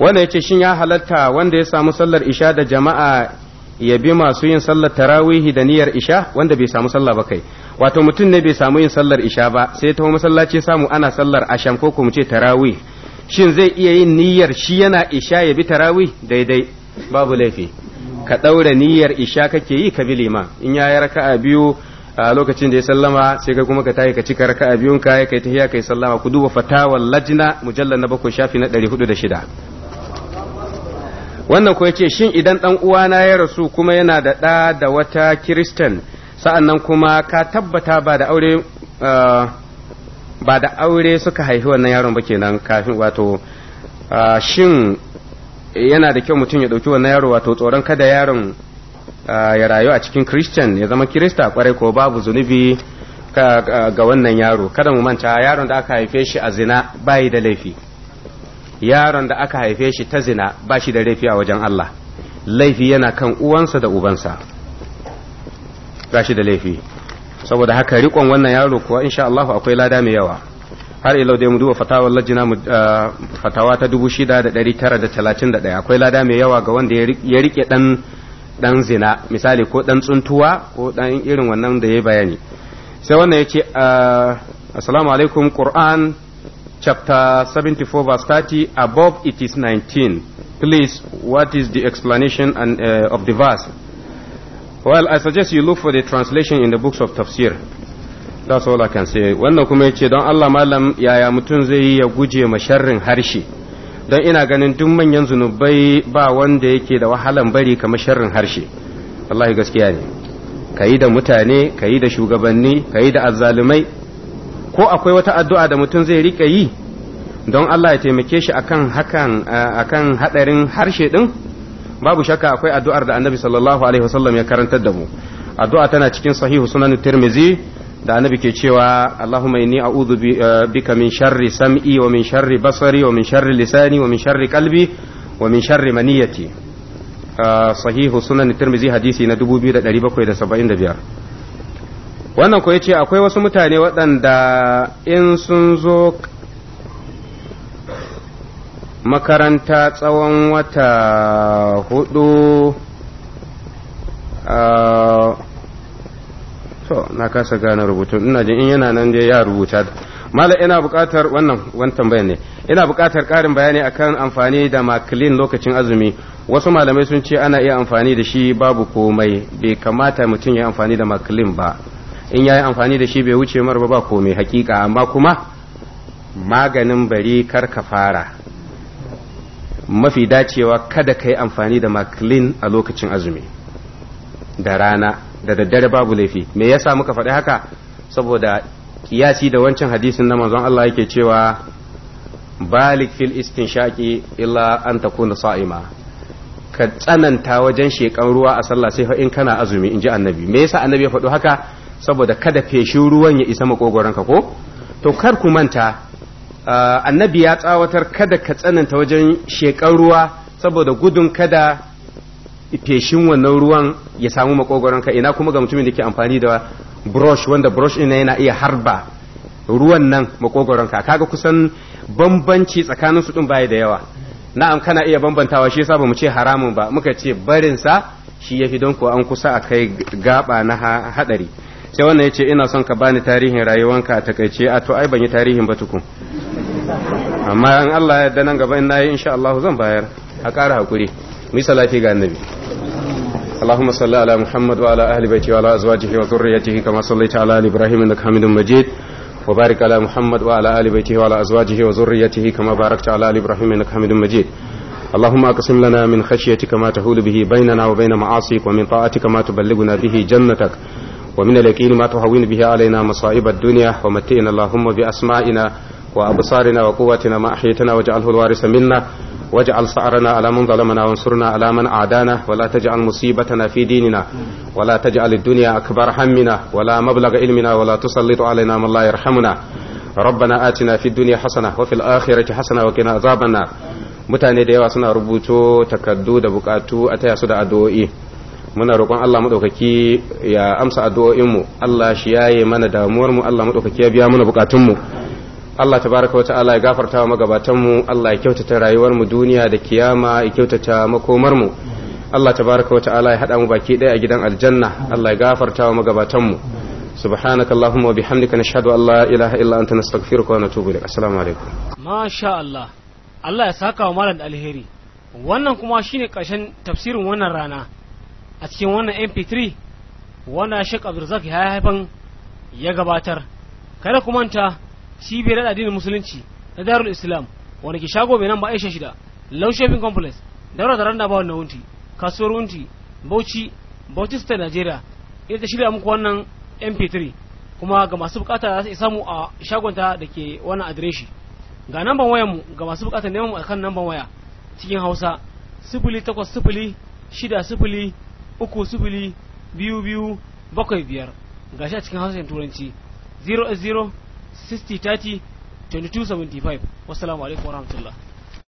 wanda yace shin ya halatta wanda ya samu sallar isha da jama'a ya bi masu yin sallar tarawihi da niyyar isha wanda bai samu sallah ba kai wato mutum ne bai samu yin sallar isha ba sai ta masallaci samu ana sallar asham ko mu ce tarawih shin zai iya yin niyyar shi yana isha ya bi tarawi. daidai babu laifi ka ɗaura niyyar isha kake yi ka bi lima. in ya yi raka'a biyu a lokacin da ya sallama sai kai kuma ka tayi ka cika raka'a biyun ka yi kai tahiya kai sallama ku duba fatawar lajina mujallar na bakwai shafi na hudu da shida. wannan ko yace shin idan dan uwana ya rasu kuma yana da ɗa da wata kiristan sa'annan kuma ka tabbata ba da aure ba da aure suka haifi wannan yaron ba kenan kafin wato shin yana da kyau mutum ya ɗauki wannan yaro wato tsoron kada yaron ya rayu a cikin christian ya zama kirista kwarai ko babu zunubi ga wannan yaro kada mu manta yaron da aka haife shi a zina bayi da laifi yaron da aka haife shi ta zina ba shi da laifi a wajen Allah laifi yana kan uwansa da ubansa ba shi da laifi saboda haka rikon wannan yaro kuwa insha Allah akwai lada mai yawa har ilau dai mu duba fatawar lajina ah, fatawa ta 6931 akwai lada mai yawa ga wanda ya rike dan dan zina misali ko dan tsuntuwa ko dan irin wannan da ya bayani sai wannan yace ah, assalamu alaikum qur'an chapter 74 verse 30 above it is 19 please what is the explanation eh, of the verse Well, I suggest you look for the translation in the books of tafsir. That's all I can say. Wannan kuma yace don Allah malam yaya mutum zai yi ya guje ma sharrin harshe. Don ina ganin duk manyan zunubai ba wanda yake da wahalan bari kamar sharrin harshe. Wallahi gaskiya ne. Kayi da mutane, kayi da shugabanni, kayi da azzalumai. Ko akwai wata addu'a da mutum zai rika yi don Allah ya taimake shi akan hakan akan hadarin harshe din? babu shakka akwai addu'ar da annabi sallallahu alaihi wasallam ya karantar da mu addu'a tana cikin sahihu sunan tirmizi da annabi ke cewa allahumma inni a'udhu eh, bika min sharri sam'i wa min sharri basari wa min sharri lisani wa min sharri qalbi wa min sharri maniyati eh, sahihu sunan tirmizi hadisi na 2775 wannan ko yace akwai wasu mutane waɗanda in sun zo makaranta tsawon wata hudu so na kasa gane rubutun ina jin in yana nan dai ya rubuta mala ina buƙatar wannan wantan bayan ne ina buƙatar ƙarin bayani akan amfani da maklin lokacin azumi wasu malamai sun ce ana iya amfani da shi babu komai bai kamata mutum ya amfani da maklin ba in ya yi amfani da shi bai wuce mar ba komai hakika amma kuma maganin bari kar ka fara mafi dacewa kada ka yi amfani da maklin a lokacin azumi da rana da daddare babu laifi me yasa muka faɗi haka saboda kiyasi da wancan hadisin na manzon Allah yake cewa balik fil istinshaqi illa an takuna sa'ima ka tsananta wajen shekan ruwa a sallah sai fa in kana azumi inji annabi me yasa annabi ya faɗo haka saboda kada feshin ruwan ya isa makogoranka ko to kar ku manta Uh, annabi ya tsawatar kada ka tsananta wajen shekar ruwa saboda gudun kada feshin wannan ruwan ya samu makogoron ka ina kuma ga mutumin da ke amfani da brush wanda brush ina yana iya harba ruwan nan makogoron ka kaga kusan bambanci tsakanin su din baya da yawa na'am kana iya bambantawa shi yasa mu ce haramun ba muka ce barin sa shi yafi don ko an kusa a kai gaba na hadari sai wannan yace ina son ka bani tarihin rayuwanka a takaice a to ai ban yi tarihin ba tukun amma in Allah ya yarda nan gaba in nayi insha Allah zan bayar a ƙara hakuri mu yi salati ga annabi اللهم صل على محمد وعلى آل بيته وعلى أزواجه وذريته كما صليت على آل إبراهيم إنك حميد مجيد وبارك على محمد وعلى آل بيته وعلى أزواجه وذريته كما باركت على آل إبراهيم إنك حميد مجيد اللهم أقسم لنا من خشيتك ما تهول به بيننا وبين معاصيك ومن طاعتك ما تبلغنا به جنتك ومن اليقين ما تهون به علينا مصائب الدنيا ومتئنا اللهم بأسمائنا وأبصارنا وقوتنا ما أحيتنا واجعله الوارث منا واجعل صعرنا على من ظلمنا وانصرنا على من عادانا ولا تجعل مصيبتنا في ديننا ولا تجعل الدنيا أكبر همنا ولا مبلغ علمنا ولا تسلط علينا من لا يرحمنا ربنا آتنا في الدنيا حسنة وفي الآخرة حسنة وقنا عذاب النار mutane da yawa suna rubuto takaddu da bukatu a taya su da addu'o'i muna roƙon Allah maɗaukaki ya amsa addu'o'inmu Allah shi yaye mana damuwarmu Allah maɗaukaki ya biya mana bukatunmu Allah tabaraka wa ta'ala ya gafarta wa magabatanmu mu Allah ya kyautata rayuwar mu duniya da kiyama ya kyautata makomar mu Allah tabaraka wa ta'ala ya hada mu baki daya a gidan aljanna Allah ya gafarta wa magabatanmu mu سبحانك اللهم وبحمدك نشهد ان لا اله الا انت نستغفرك ونتوب اليك السلام عليكم ما شاء الله Allah ya saka wa malam alheri wannan kuma shine ƙarshen tafsirin wannan rana a cikin wannan mp3 wanda shek abdurzak ya haifan ya gabatar kada ku manta cibiyar addinin musulunci na darul islam wanda ke shago mai nan ba aisha shida low shopping complex daura da randa ba wannan wunti kasuwar wunti bauchi bauchi state nigeria ita ta shirya muku wannan mp3 kuma ga masu bukata za su isa mu a shagonta da ke wannan adireshi ga namban wayan mu ga masu bukata neman mu akan namban waya cikin hausa sifili takwas sifili shida sifili uku sifili biyu biyu bakwai biyar gashi a cikin hausa turanci 0 zero. 60 30 22 75 wassalamu alaikum warahmatullahi